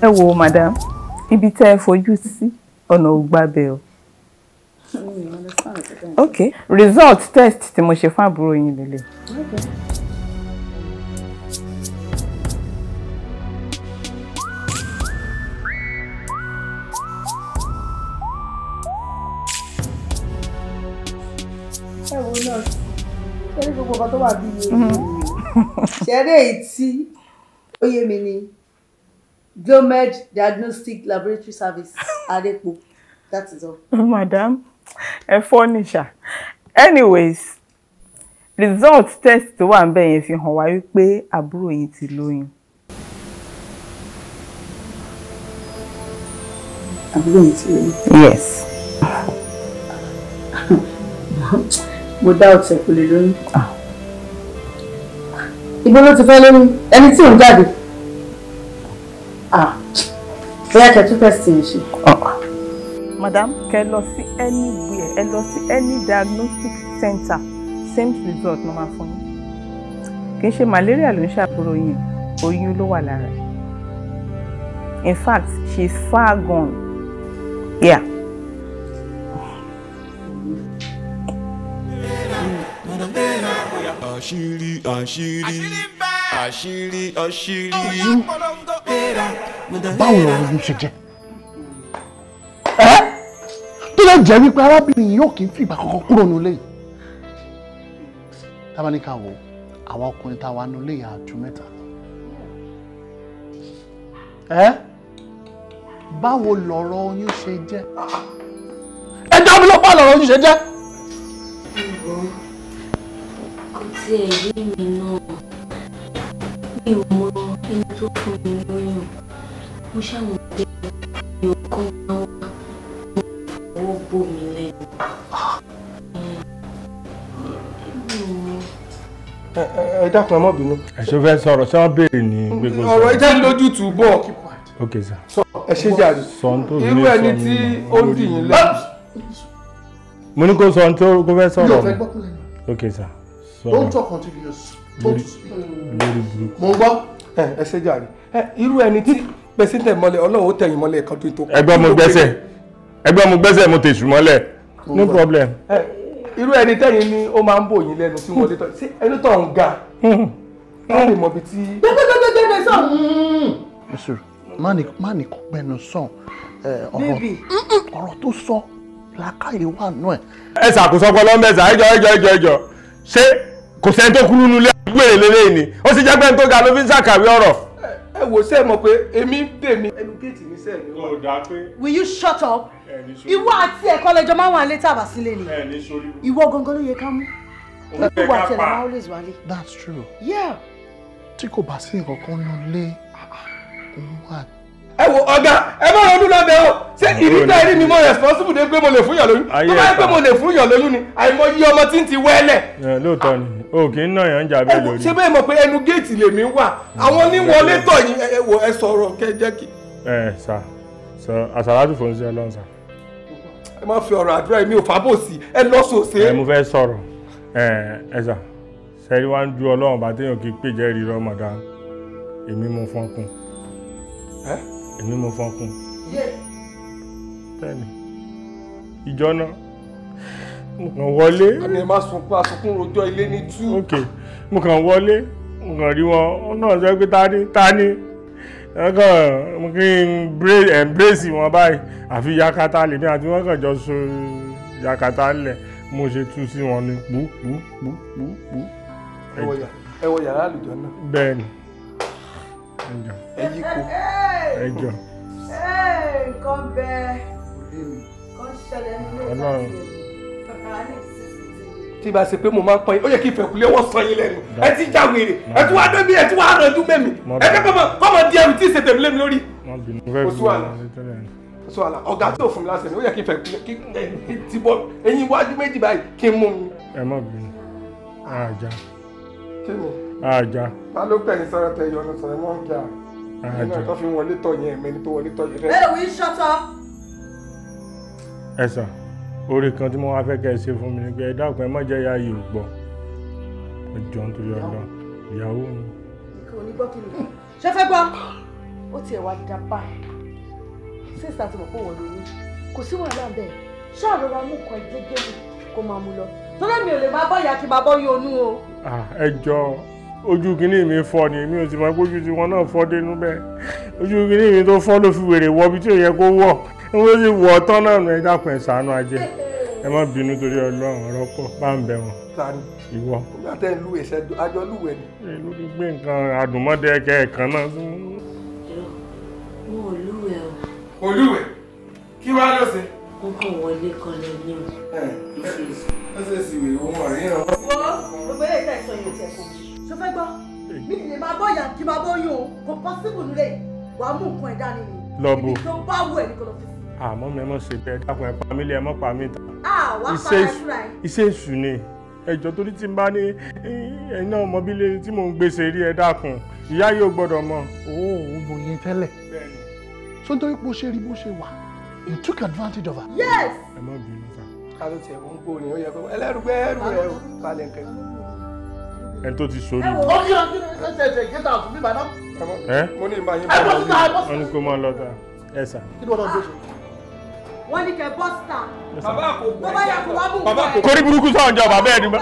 ẹ wo madam ibi tẹ́ ẹ fojú sí ọ̀nà ògbàbẹ̀ o. ok result test tí mo ṣe fún àbúrò yín lélẹ̀. Okay. ṣẹ́rí gbogbo nǹkan tó wà bí iye mhm. ṣẹ́rí èyí tí ó yé mi ni glomed diagnostic laboratory service arepo that is all. Oh, madam A furniture. anyways result test to one níbẹ̀ if you hàn wá wípé àbúrò yín ti lóyún. àbúrò yín ti lóyún. yes. Without dá ọ̀tẹ̀ kò lè lóyún. Ah. ibo ló ti fẹ́ lóyún ẹni bóyá kẹ́ tún tẹ̀sí ẹ̀ ṣe. Ah. madam kẹ́ lọ sí anywhere ẹ lọ sí any diagnostic center same result ló máa fún yín kì í ṣe malaria ló ń ṣàkóró yín oyún ló wà lára in fact she is far gone. Yeah. àṣírí àṣírí àṣírí àṣírí. báwo lọ̀rọ̀ yìí ṣe jẹ́ ẹ́ tó lè jẹ́ wípé arábìnrin yìí ò kì í fìgbà kankan kúrò nílé yìí tábánikà wò àwọn ọkùnrin táwa nílé yìí àjù mẹ́ta ẹ́ báwo lọ̀rọ̀ oyún ṣe jẹ́ ẹ dábìlọ́pàá lọ̀rọ̀ oyún ṣe jẹ́ kò tiẹ̀ yé mi náà mi ò mọ ẹni tó fún mi lóyún mo ṣàwọn pé mi ò kọ́ máa wá mo fọwọ́ bò mí lẹ́nu. ẹ dákun ẹ mọ́ bínú. ẹ̀sùn fẹ́ sọ̀rọ̀ ṣé wọ́n béèrè ní mm, gbogbo sọ̀rọ̀. ọ̀rọ̀ ìjà lójútùú bọ̀. ok sir. sọ ẹ ṣe jàre. sọ n tó ní sọ irú ẹni mo ní kó sọ n tó kó fẹ́ sọ̀rọ̀. ok sir don't talk until you spoke to speak. lórí burúkú. mo ń gbọ́. ẹ ẹ ṣe jàre ẹ irú ẹni tí pèsè tẹ mọ́lẹ̀ Ọlọ́run ó tẹ̀yìn mọ́lẹ̀ kan tó tó. ẹgbẹ́ mo gbẹ́sẹ̀ ẹgbẹ́ mo gbẹ́sẹ̀ mo tẹ̀sù mọ́lẹ̀ no problem. irú ẹni tẹ̀yìn ni ó máa ń bò yín lẹ́nu tí wọ́n lè tọ́ sí ẹni tó ń ga. wọ́n lè mọ ibi tí. gbẹgbẹgbẹgbẹ sàn. má ní kó gbẹnu sàn ọ̀rọ̀ tó sọ làákàyè wà nù ẹ̀. ẹ ṣàkóso ọpọlọ mẹsàn-án ẹjọ ẹjọ ẹjọ ẹjọ ṣé kò sẹ́ni tó kúrú nulẹ̀ àdúgbò èlélẹ́ ni ó sì jẹ́ tó ga ló fi ń ṣàkàwé ọ̀rọ̀. ẹ wò sẹ́ẹ̀ mọ̀ pé èmi ń dè mí. ẹnukẹ́tì ní sẹ́ẹ̀ mi wà. ọ̀dà pé. will you shut up. ìwọ àti ẹ̀kọ́ lẹ́jọ́ máa ń wà ní tàbá sílé ni. ìwọ gangan ló yẹ ká mú. ìwọ àti ẹ̀rọ máa that's true. yeah. tí kò bá sí nǹkan kan nulẹ̀ ah, ah, òun wà ẹ wo ọ̀gá ẹ má ronú lọ́bẹ̀ o ṣé ìrítà ẹni mi mọ responsible de pé mo lè fún yàn lóyún tó bá pé mo lè fún yàn lóyún ni àìmọye ọmọ tí ń ti wẹ́lẹ̀. lóòótọ́ ni o kì í ná yàn ń jà bẹ́ẹ̀ lórí. ṣé bẹ́ẹ̀ mọ̀ pé ẹnu géètì lèmi wà àwọn oníwọlé tọ̀ yín ẹ wo ẹ sọ̀rọ̀ kẹ jẹ́ kí. ẹ sà sọ àṣàlátù fún ṣe lọ́n sà. ẹ má fi ọ̀rọ̀ àdúrà mi ò fàbòsí ẹ lọ sòsè. ẹ mo fẹ́ sọ̀rọ̀ ẹ ẹ sà sẹ́rí wá ń ju ọlọ́run bá téèyàn kì í èmi mo fọkùn bẹ́ẹ̀ni ìjọ náà mo kàn wọlé. àmì ẹ̀ máa sunkún asunkún rojọ́ ilé ní tú. ok mo kàn wọlé mo kàn rí wọn wọn náà sọ pé ta ni ta ni ẹ̀kọ́ mo kí n embrace wọn báyìí àfi yakata lèmi àti wọn kàn jọ so yakata lẹ̀ mo ṣe tú sí wọn ni pú pú pú pú. ẹ wọ yàrá àlùjọ náà. bẹ́ẹ̀ni ẹyí kó ẹjọ. nǹkan bẹ́ẹ̀ kan ṣẹlẹ̀ nínú ìdájọ́ tí bá ṣe pé mo máa ń pọnyin ó yẹ kí ìfẹ̀kúlẹ̀ wọ́n sọ yín lẹ́nu ẹ ti já wèrè ẹ ti wá dóbi ẹ ti wá rànjú mẹ́mi ẹ kẹ́kọ̀ọ́ mọ kọ́mọ di ẹrù tí ì ṣe tèmi lórí. oṣù àlà ọ̀gá tí ò fún mi lásìkò ó yẹ kí ìfẹ̀kúlẹ̀ kí ti bọ eyín iwájú méjì báyìí kí n mú mi. ẹ má bínú ah. àjà. kí ni àjà. ta ló pẹ̀ ní sọ̀rọ̀ tẹ yọnu sọ̀rọ̀ mọ́ ń jà àjà tó fi wọlé tọ̀ yẹn mẹ́ni tó wọlé tọ̀ yẹn rẹ̀. ẹ wí ṣọtọ. ẹ sà orí kan tí mo wá fẹ́ kẹ́ ẹ ṣe fún mi ni pé ẹ dákun ẹ má jẹ́ ya yìí gbọ́ ẹ jọ ń torí ọdọ ìyàwó mi. ìkànnì onígbọ́ kí ni ṣe fẹ́ gbọ́ ó tiẹ̀ wá dídá báyìí ṣé ìsàtì mọ̀ pé wọ́n lóyún kò sí wàhálà bẹ́ẹ̀ ṣáà rọra mú kan jẹ́jẹ́ mi kó máa mú lọ tọ́lá mi ò lè máa bọ́ ìyá kí máa bọ́ yóò o. ẹ jọ ojú kìíní mi fọ ni èmi ò sì máa gbójú tí wọn náà fọ́ dénú bẹ́ẹ̀ ojú kìíní mi tó fọ ló fi wèrè wọ ibi tí ò yẹ kó wọ ní wọ́n sì tán náà nù ẹ dákun ẹ̀ ṣàánú ẹ má bínú torí ọlọ́run bá ń lu àjọ ni. o. kò lúwẹ̀ kí wàá lọ sí. wọlé kan ní o. ẹ ẹ ṣe ṣe fẹ́ gbọ́ mi lè máa bọ́ ìyá kí máa bọ́ yín o kò pọ́sibù nílé wàá mú nǹkan ẹ̀ dání ni lọ́bù ibi tó bá wù ẹ̀ ní kò lọ fi sí. àmọ́ mi ẹ mọ̀ ṣe bẹ́ẹ̀ dákun ẹ pa mí lé ẹ mọ̀ pa mí ta. àwa para ẹ̀fúra ẹ̀. iṣẹ́ èṣù ni ẹjọ́ torí tí n bá ní ẹ̀yin náà mọ bí lè tí mò ń gbèsè rí ẹ dákun ìyá yóò gbọ́dọ̀ mọ. òun bò yẹn tẹ́lẹ̀ so nítorí pé ó ṣe rí bó ṣe wà you took advantage of her. yes. ẹ má bínú ta. ká ló tiẹ̀ wọ́n ń gbóòórùn ó yẹ kó ẹlẹ́rù gbẹ́rù rẹ̀ balẹ̀ kẹ́kẹ́ ẹni tó ti sori. ẹ wò ó kí ọtí ẹ tẹ̀sẹ̀ gẹ́tà ọ̀tún ẹ mo ní ìmọ̀ bá wọn wọn ni kò máa lọ ẹ sà. kí ní kẹ bọ́sítà. bàbá kò gbọ́ bàbá yà wá bù wọ́n. kórí burúkú sọ̀rọ̀ jọ bàbá ẹ̀ nígbà.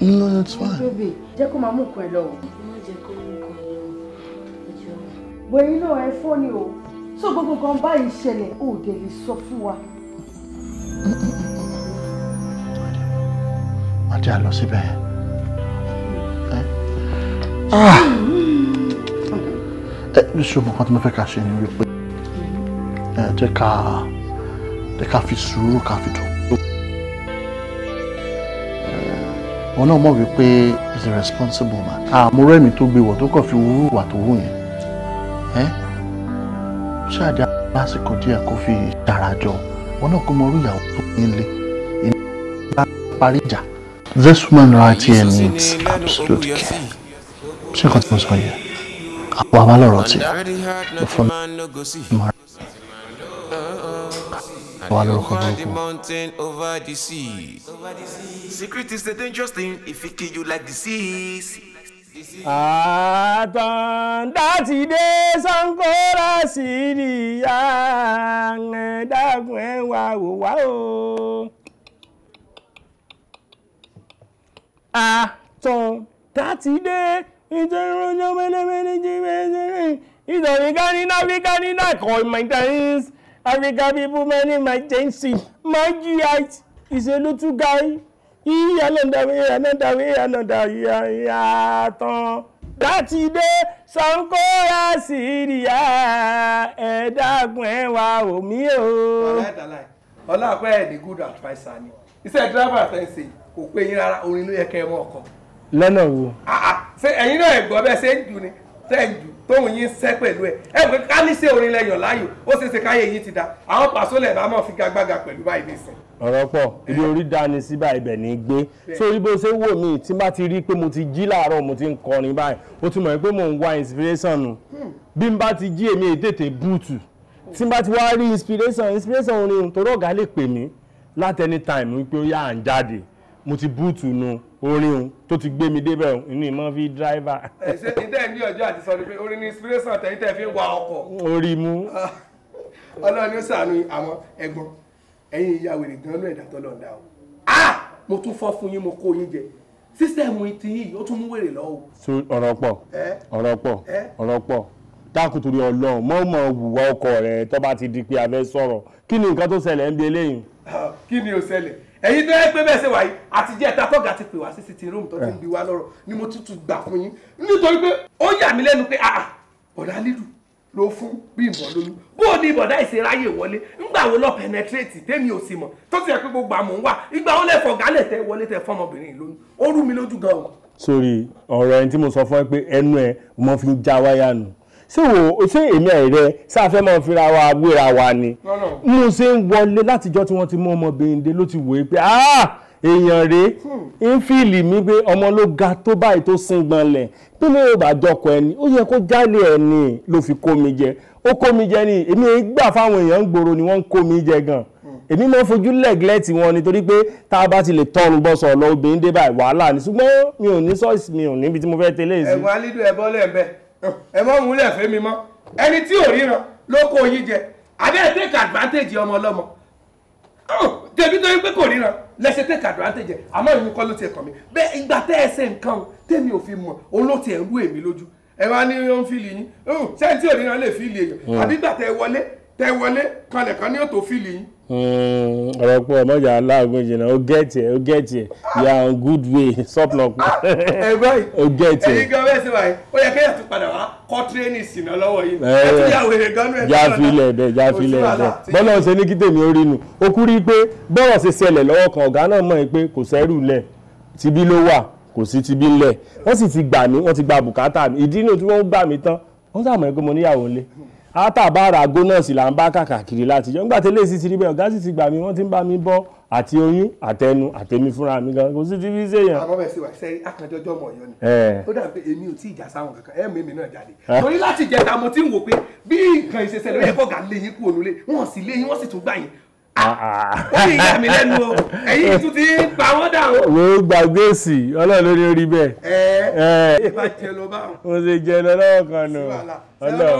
No, it's fine. Jẹ́ kó máa mú nǹkan ẹ lọ. Wẹ̀yìn náà ẹ fọ́ ni o. Tó gbogbo kan báyìí ṣẹlẹ̀, ó dẹ̀ lè sọ fún wa má jẹ́ àlọ́ síbẹ̀. ẹ ṣùgbọ́n ah! kan tí mo fẹ́ ká ṣe ni wípé ẹ jẹ́ ká jẹ́ ká fi sùúrù ká fi dùn. wọn náà mọ̀ wípé he's a responsible man. àmúrẹ́ mi tó gbé wọ̀ tó kàn fi wúrú wà tó wù yẹn se lásìkò díẹ̀ kó fi dára jọ wọn náà kó mọ orí ìyàwó tó ní ilé ìní bá parí ìjà. This woman right here needs absolute care. ṣé nǹkan tí mo sọ yẹ àwọn amálọ̀rọ̀ ti lọ fún mi mọ wa lórúkọ burúkú. àtàndá ti dé sankora sí ni wá wò wá o. àtàn tátidé ìtẹ̀rọ ọjọ́ mẹ́lẹ́mẹ́lẹ́ jí mẹ́lẹ́mẹ́lẹ́ ìtẹ̀rọ gánínà bí gánínà kọ́ maintenance Africa people many emergency my GI is a little guy. Iye lọ́dà wíyà lọ́dà wíyà lọ́dà yíyà yíyà tán. láti dé Ṣàngóra sí ìrìyà ẹ dákun ẹ wá omi o. ọlá àpẹ ní good adviser ni iṣẹ́ driver tẹ̀ kò pé yín rárá orin ló yẹ ẹ wo. Ah, ah. ṣé ẹ̀yin náà ẹ̀ gbọ́ bẹ́ẹ̀ ṣe ń dùn ni tẹ́jú tóun yín sẹ́ pẹ̀lú ẹ̀ ẹ pé ká ní ṣe orin lẹ́yìn láàyò ó ṣeéṣe káyé yín ti da àwọn pàṣọ lẹ̀ bá mọ̀ fi gagbága pẹ̀lú báyìí nìsín. ọ̀rọ̀ pọ̀ ibi orí dání síbà ibẹ̀ ní gbé sórí bó ṣe wò mí tí bá ti rí i pé mo ti jí láàárọ̀ mo ti ń kọrin báyìí ó ti mọ̀ pé mò ń wá inspiration nu hmm. bí n bá ti jí èmi ètètè búùtù tí n bá ti wá rí inspiration inspiration orin tòrọ̀ ọ̀gá lè pè mí látẹni time wípé ó yá à ń jáde mo ti búùtù nu orin òun tó ti gbé mi débẹ̀ inú ìmọ̀ fi dráìvà. ẹ ṣe ní dẹ́ẹ̀ ní ọjọ́ àti sọ ni pé orin ni inspiration tẹ̀yìn tẹ̀ fi ń wa ọkọ̀. orí mu. ọlọ́run ni ó ṣàánú àwọn ẹ̀gbọ́n ẹ̀yin ìyá wèrè gan ló ẹ̀dá tọ́lọ̀ ń dá o. mo tún fọ́ fún yín mo kó yín jẹ sísẹ́ẹ̀mù ti yìí ó tún mú wèrè lọ́wọ́. so ọ̀rọ̀ pọ̀ ọ̀rọ̀ pọ̀ ọ̀rọ̀ pọ̀ dákùtùrì ọlọ́run mọ́ mọ́ wùwá ọkọ rẹ̀ tó bá ti di pé a fẹ́ sọ̀rọ̀ kí ni nǹkan tó ṣẹlẹ̀ ń bi eléyìí. kí ni ò ṣẹlẹ̀ ẹ̀yin tó yẹ pé bẹ́ẹ̀ ṣe wáyé àtijọ́ ẹ̀ta tọ́gà ti pè wá sí sitting room tó ti eh. ń bi wá lọ́rọ̀ ni mo tútù gbà fún yín nítorí pé ó yà mí lẹ́nu pé àà ah, ah, bọ̀dá lílù ló fún Bímbọ́ lóyún bó o ní bọ̀dá ìṣeráyè wọlé ńgbà wo lọ penetrate tèmi ò sì mọ̀ tó ti yẹ pé gbogbo àmọ̀ ń wà ìgbà ó lẹ́fọ̀ gálẹ̀ tẹ wọlé tẹ fọmọbìnrin lóyún ó rú mi lójú gan o. sórí ọ̀rọ̀ ẹni tí mo sọ fún ẹ pé ẹnu ẹ mo fi ń já wáyà nù ṣé o ṣé èmi ẹ̀rẹ́ sáfẹ́ máa fira wa wéra wa ni mo ṣe ń wọlé látijọ́ tí wọ́n ti mú ọmọbìnrin dé ló ti wòye pé ah èèyàn rèé ìfìlì hmm. mi pé ọmọ ló ga tó báyìí tó sin gbọ̀nlẹ̀ bí mi ò bá jọkọ ẹni ó yẹ kó jálè ẹni ló fi kó mi jẹ ó kó mi jẹ ni èmi gbà fáwọn èèyàn ń gbòòrò ni wọ́n ń kó mi jẹ gan hmm. èmi máa ń fojú lẹ́gìlẹ́tì wọn nítorí pé tá a bá ti lè tọrùn bọ́ sọ̀rọ̀ obìnrin dé báyìí wàhálà ni ṣùgbọ́n mi ò ní sọ́ọ̀sì mi ò níbi tí mo fẹ́ tẹ́lẹ̀ sí. ẹ̀gbọ́n alídùn ẹ̀bọ́lẹ̀ bẹ́ẹ̀ ẹ mọ́ múlẹ̀ fẹ́mi mọ́ ẹni tí ò ríran ló kó yín jẹ abẹ́ẹ̀ take advantage ọmọ ọlọ́mọ oh, tẹbi tó yẹ pé kò ríran lẹsẹ take advantage àmọ́ ìlú kọ́ ló ti kàn mí bẹ́ẹ̀ ìgbà tẹ́ ẹ ṣe nǹkan o tẹ́mi ò fi mọ̀ òun ló ti ẹ̀ ń rú èmi lójú ẹ wá ní ó ń fìlì yín sẹ́yìn oh, tí ò ríran lè fìlì èèyàn hmm. àbí ìgbà tẹ́ wọlé tẹ́ wọlé kanlẹ̀ ní òtò fìlì yín ọ̀rọ̀ pé ọmọ ìyá aláàgùn jìnnà ó gẹ̀ẹ́tì ẹ̀ ó gẹ̀ẹ́tì ẹ̀ you are on good way sọ́pọ̀lọpọ̀ ó gẹ̀ẹ́tì ẹ̀. ẹyin gan bẹ́ẹ̀ sí wa yìí ó yẹ kéèyàn tún padà wá kọ́ tírénì ìsìnà lọ́wọ́ yìí ẹ tún yà wèrè gan náà. já filẹ̀ dẹ̀ já filẹ̀ dẹ̀ bọ́lá ṣe ní kí tèmi ó rí nu ó kú rí i pé bọ́rọ̀ ṣe ṣẹlẹ̀ lọ́wọ́ kan ọ̀gá náà mọ̀ pé kò sẹ́rù lẹ̀ tibí ló wà kò sí tibí ńlẹ̀ wọ́n sì ti gbà mí wọ́n ti gba bùkátà mi ìdí inú tí wọ́n gbà mí tán wọ́n sàmọ̀ pé mo níyàwó ńlẹ̀ átàbára agbónáàsì là ń bá kàkàkiri látijọ́ nígbà tí eléyìí ti rí bẹ́ẹ̀ ọ̀gá sì ti gbà mí wọ́n ti ń bá mi bọ́ àti oyún àtẹnu àtẹmí fúnra mi gan kò sí ti fi ṣèyàn. àwọn ọmọ ẹ sì wà sẹ́yìn akànjọ́jọ́ mọ̀ ọ̀yọ́ ni. ó dàbí èmi ò tí ì sáwọn kankan ẹ̀ mímì náà jáde. torí láti jẹta mo ti ń wò pé bí nǹkan ìṣẹ̀ṣẹ̀ ló yẹ léyìn kúrò nílé wọn sì léyìn wọn sì tún gbà yín Ah, ah, ah. ó sì yà mí lẹ́nu o ẹ̀yin tún ti ń pa wọ́n dà o. wo gbàgbé sí ọlọ́run ló ní orí bẹ́ẹ̀. ẹ ẹ bá jẹ lọ bá wọn. mo ṣe jẹ lọ lọ́wọ́ kan nù. ọlọ́run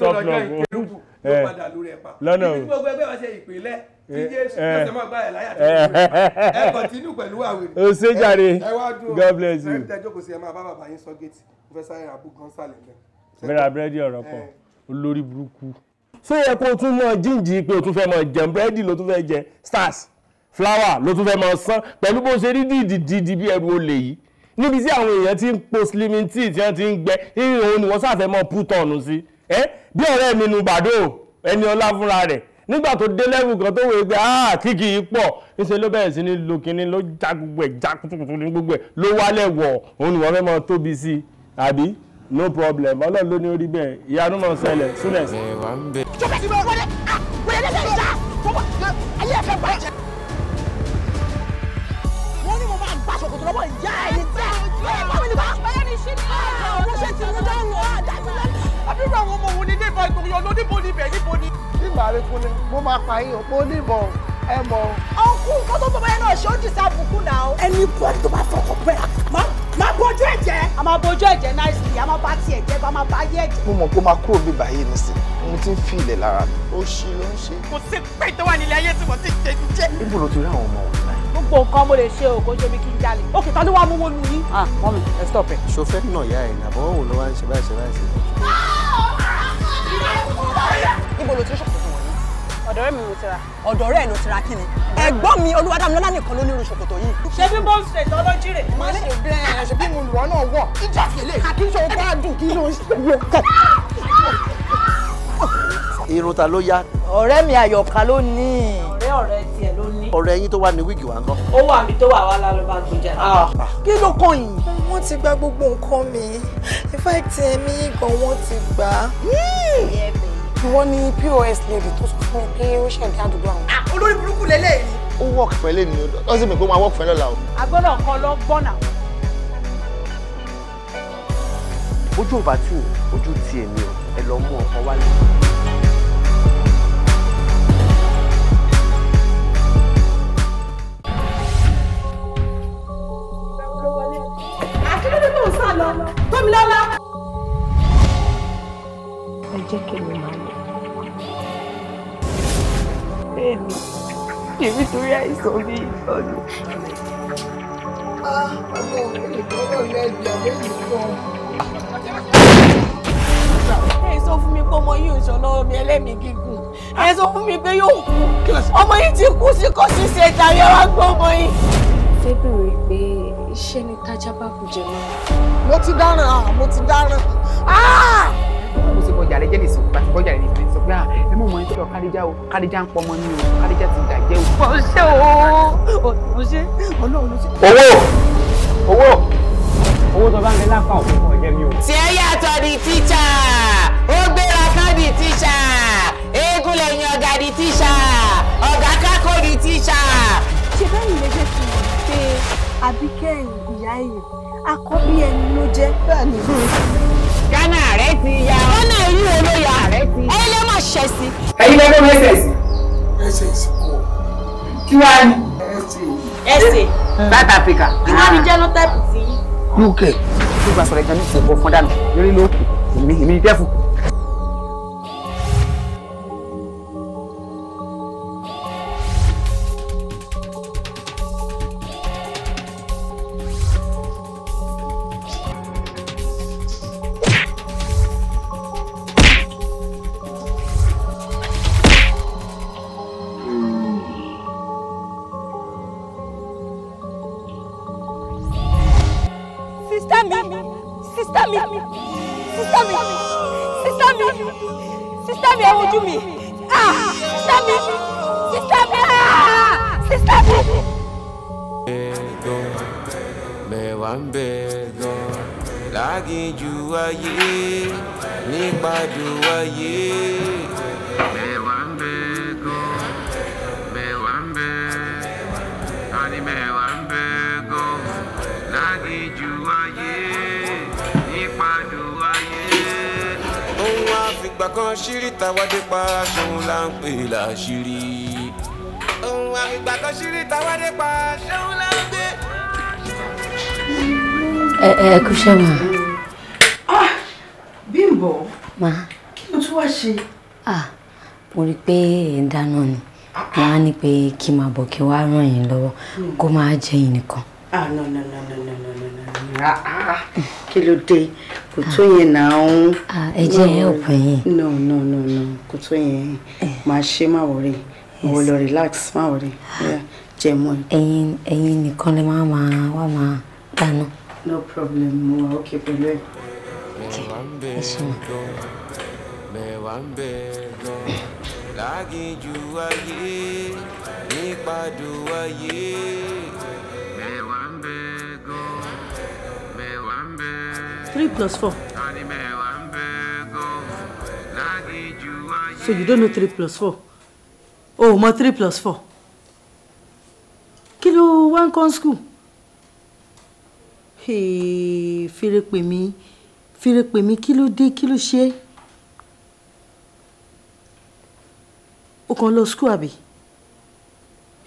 sọpọlọ ìkẹrùbù ló padà lórí ẹ pa. lọ́nà o ibi gbogbo ẹgbẹ́ wa ṣe ìpínlẹ̀ tí jésù kẹsẹ̀ máa gbá ẹ̀ láyà tó ń bọ̀ ẹ kọ̀tínú pẹ̀lú àwìn. o ṣe jàre God bless you. ẹ tẹ́jọ́ kò sí ẹ máa bá bàbá yín sọ géètì mo fẹ́ sáré àbúkọ́ sálẹ̀ mẹ́ra búrẹ́dì ọ̀rọ̀ pọ̀ olórí burúkú ṣó yẹ kó o tún mọ jíǹjì pé o tún fẹ́ mọ jẹun búrẹ́dì ló tún fẹ́ jẹ stars flower ló tún fẹ́ mọ sán pẹ̀lú bó ṣe rí dìdì dìdì bí ẹrù olè yìí níbi tí àwọn èèyàn ti ń po slimming tea tí wọ́n ti ń gbẹ ìrìn òun ni wọ́n sáfẹ́ mọ pútọ̀nù sí ẹ bí ọ̀rẹ́ mi nu bàdó ẹni ọlá fúnra rẹ̀ nígbà tó dé lẹ́wù kan tó wòye pé ah kíkì yìí pọ̀ níṣẹ́ ló bẹ̀rẹ̀ sí ní lo kinní ló já gbogbo ẹ̀ já kutukutu ní gbogbo ẹ̀ ló wálẹ̀ wọ̀ òun ni wọ́n fẹ́ mọ tóbi sí i àbí no problem ọlọ́run ló ní orí bẹ́ẹ̀ ìyanu máa ń ṣẹlẹ̀ súnẹ̀. ṣọpẹ́ ti bọ̀ wọlé ah, wọlé lẹ́sẹ̀ ìjà fọwọ́ ayé ẹ̀fẹ̀ bàjẹ́. wọ́n ní mo máa gbà sọ̀kòtò lọ́wọ́ ìyá ẹ̀ ní tẹ́ ẹ̀ nípa. bẹ́ẹ̀ ni ṣí ni ah, àwọn ṣe ti mú dáhùn ah, ọ́ àdájúlẹ̀. abirú àwọn ọmọ òun ni nípa ìgbòho lóníbo ni ibẹ̀ níbo ni. nígbà rẹ kú ni mo máa pa yín òpó oníbọ̀ ẹ ọkùnrin kan tó bọ̀ báyẹn náà ṣe ó dì sáà bùkún náà. ẹni kú tó bá fọkàn bẹ́ẹ̀ máa máa bójú ẹ̀ a máa bójú ẹ̀ jẹ́ a máa bá tiẹ̀ jẹ́ bá máa bá yé ẹ̀ jẹ́. mo mọ̀ pé ó máa kúrò bí báyìí nísìnyí mo ti ń fi ilẹ̀ lára mi. ó ṣe ló ń ṣe. kò sí pé tó wà nílé ayé tí mo ti ṣe ti jẹ́. níbo ló ti rí àwọn ọmọ wọn náà. gbogbo nǹkan mo lè ṣe o ṣe mi kí n jalè. òkè tán ni wàá mú wọn lù yín. ah mọ́mi ẹ stop ẹ. ṣòfẹ́ náà yá ẹ̀ nàbọ̀ wò ló wá ń ṣe báyìí ṣe báyìí ṣe. níbo ló ti ṣàkóso ọ̀dọ̀ rẹ̀ mi mo ti ra. ọ̀dọ̀ rẹ̀ ló ti ra kí ni. ẹ̀gbọ́n mi olúwadámilọ́lá nìkan ló ní irun ṣòkòtò yìí. ṣé bí bọ́ọ̀sì rẹ̀ lọ́lọ́ jíre. má ṣe bẹ́ẹ̀ ṣe bí mo lù ọ́ náà wọ̀ ìjà kìlẹ̀ kí ṣe ọgbà dùn kí ló ń ṣe yọ kàn. irun ta ló yá. ọ̀rẹ́ mi àyọ̀ká ló ní. ọ̀rẹ́ ọ̀rẹ́ tiẹ̀ ló ní. ọ̀rẹ́ yín tó wà ní wíìgì wa ńkọ́. ó wà mí tó wà wá lálọ́ bá gbèjà. Ah. kí ló kàn yín. wọ́n ti gba gbogbo nǹkan mi in fact ìwọ ni pos lady tó sọ fún mi pé ó ṣẹ̀dá àdúgbò àwọn. Ah, olórí burúkú lélẹ̀ yìí. ó work fún eléyìí ni ó sì mọ̀ pé ó máa work fún lọ́la o. àgbọ̀dọ̀ kan lọ bọ́nà. ojú ò bá tù ojú ti èmi o ẹ lọ mú ọkọ wálé. Tómilọ́lá. ẹ jẹ́ kí n máa lọ ọ̀rẹ́ mi kì í torí àìsàn bí ìtọ́jú. Ah, ọmọ mi nìkan náà lẹ́bi àwọn ẹ sọ fún mi pé ọmọ yìí ò sọ mi ẹlẹ́mìí gígùn ẹ sọ fún mi pé yóò kú ọmọ yìí ti kú sí kó sì ṣe ìtàrí ẹ gbọ́ ọmọ yìí. ṣé bèrè pé iṣẹ́ ni tájá bá kù jẹ mọ́. mo ti dáràn mo ti dáràn. Ah! mo ti bọjà rẹ jẹ́ lè sùn bá ti bọjà rẹ ní ìpínlẹ̀ gbà ẹ mọ̀ mọ́ ẹ ṣe ọ kádíjà o kádíjà ń pọmọ ní o kádíjà ti dàjẹ́ o. mo ṣe o mo ṣe ọlọ́run ló ṣe. owó owó owó tó bá ń bẹ lápá òkú ọ̀jẹ̀ mi o. tí ẹ yàtọ̀ di tíṣà ó gbéra ká di tíṣà eégún lẹ́yìn ọ̀gá di tíṣà ọ̀gá kákó di tíṣà. ṣe báyìí lè jẹ́ kí n pé Àbíkẹ́ ìyá èèyàn akọ́bí ẹni ló jẹ́. bẹ́ẹ̀ ni gánà rẹ ti ya. gánà irú wo ya ẹyin lè má ṣẹ sí. ẹyin lè fún ẹsẹ sí. ẹsẹ sí kọ. kí wàá ní. ẹsẹ. South Africa. kí wàá ní ah. genotype ti. UK. gbogbo àṣọ rẹ̀ jẹ́ ní ìsìnkú fún dànù. eré ló kù èmi èmi dẹ́fù. mi sista mi sista mi sista mi sista mi ẹ wojú mi ah sista mi sista mi ah sista mi. mẹ́wàá ń bẹ gan láginjú ayé nípa dùn ayé. ìgbà kan ṣírí tàwádé pa là ń pè láṣírí. ohun àwọn ìgbà kan ṣírí tàwádé pa là ń pè. ẹ ẹ kú ṣe mà. ah Bímbọ́. ma. kí ló tún wá ṣe. ah mo rí i pé ẹ̀ ni wọ́n á ní pé kí n máa bọ̀ kí wọ́n á ràn yín lọ́wọ́ kó máa jẹ́ yín nìkan. ah no no no no no no no. Ah, kí ló dé kò tó yẹn náà ń. ẹ̀jẹ̀ yẹn ò pè yín. no no no no kò tó yẹn eh. máa ṣe má wọrí mo lọ relax má wọrí jẹ mọ. ẹ̀yin ẹ̀yin nìkan lè má máa wá máa dáná. no problem mo wà ókè pẹ̀lú ẹ̀. ẹ ṣe mọ. mẹ́wàá ń bẹ̀ lọ láginjù ayé nípadò ayé. Three plus four. So you don't know three plus four? Oh, my three plus four. Kilo one con school? Hey, Philip with me. Philip with me. Kilo dé, Kilo ló Okon é? O school àbí?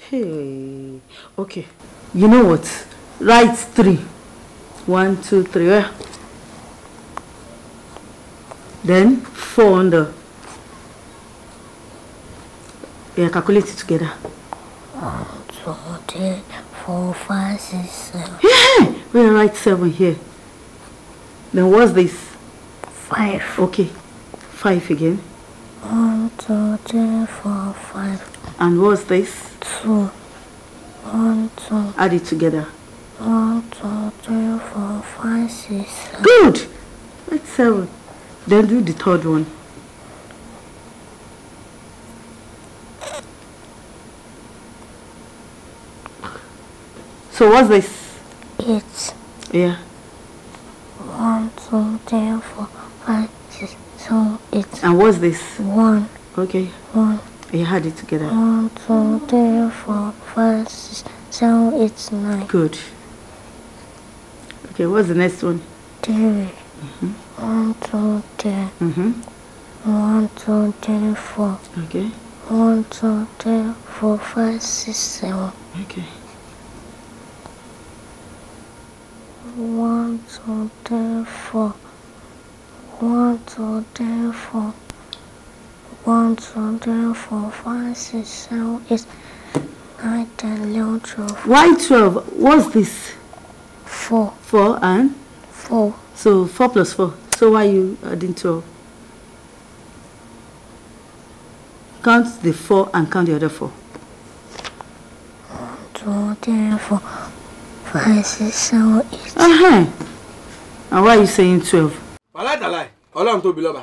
Hey, okay. You know what? Write three. one two three eh? then four under yeah calculate it together one two three four five six seven yeah we write seven here then what's this five okay five again one two three four five and what's this two one two add it together one, two, three, four, five, six, seven. Good! That's seven. Then do the third one. So what's this? Eight. Yeah. One, two, three, four, five, six, seven, eight. And what's this? One. Okay. One. You had it together. One, two, three, four, five, six, seven, eight, nine. Good. Okay, what's the next one? Three. Mm -hmm. One, two, three. Mm -hmm. One, two, three, four. Okay. One, two, three, four, five, six, seven. Okay. One, two, three, four. One, two, three, four. One, two, three, four, five, six, seven, eight, nine, ten, eleven, twelve. Why twelve? What's this? Four. Four and? Four. So four plus four. So why you adding twelve? Count the four and count the other four. One, two, three, four, five, six, seven, eight. Uh-huh. And why are you saying twelve? Aláìdàláì, Ọlọ́run tóbi lọ́ba.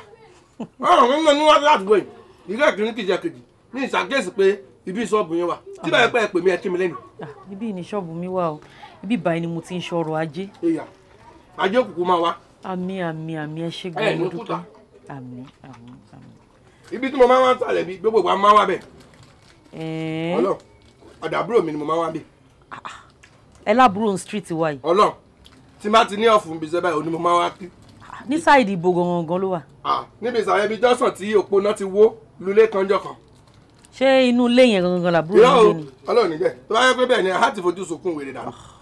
Ọ̀rọ̀ mi ń lọ níwájú àdúgbò yìí. Ìgbà kìíní kìjà kejì ní ìṣàkíyèsí pé ibi ìṣọ́ọ̀bù yẹn wà. Tí báyìí pẹ́ pay pè mí ẹ kí mi lẹ́nu. in the shop with me, wow ibi báyìí ni mo ti ń ṣọrọ̀ ajé. ajé kúkú máa wá. àmín àmín àmín ẹ ṣe gbọ́dọ̀ mo dúpẹ́ àmín àmín àmín. ibi tí mo máa ń wá ń sàlẹ̀ bí gbogbo ìgbà máa ń wá bẹ̀. ọlọ ọ̀dà mi ni mo máa ń wá bẹ̀. Ah, ẹ lábúrò ní street wa yìí. ọlọ tí má ti ní ọ̀fun bíi sẹ́bà òní mo máa wá kí. Ah, ní sáìdì ìbò gangan ló wà. Ah, níbi ìsàlẹ̀ ibi jọ́sàn tí òpó náà ti wó lulẹ̀ kanjọ́ kan ṣé inú ilé yẹn gangan làbúrò nílé ni. ọlọ́run níbẹ̀ tó bá yẹ pé bẹ́ẹ̀ ni a ti fojú sunkún wèrè dànù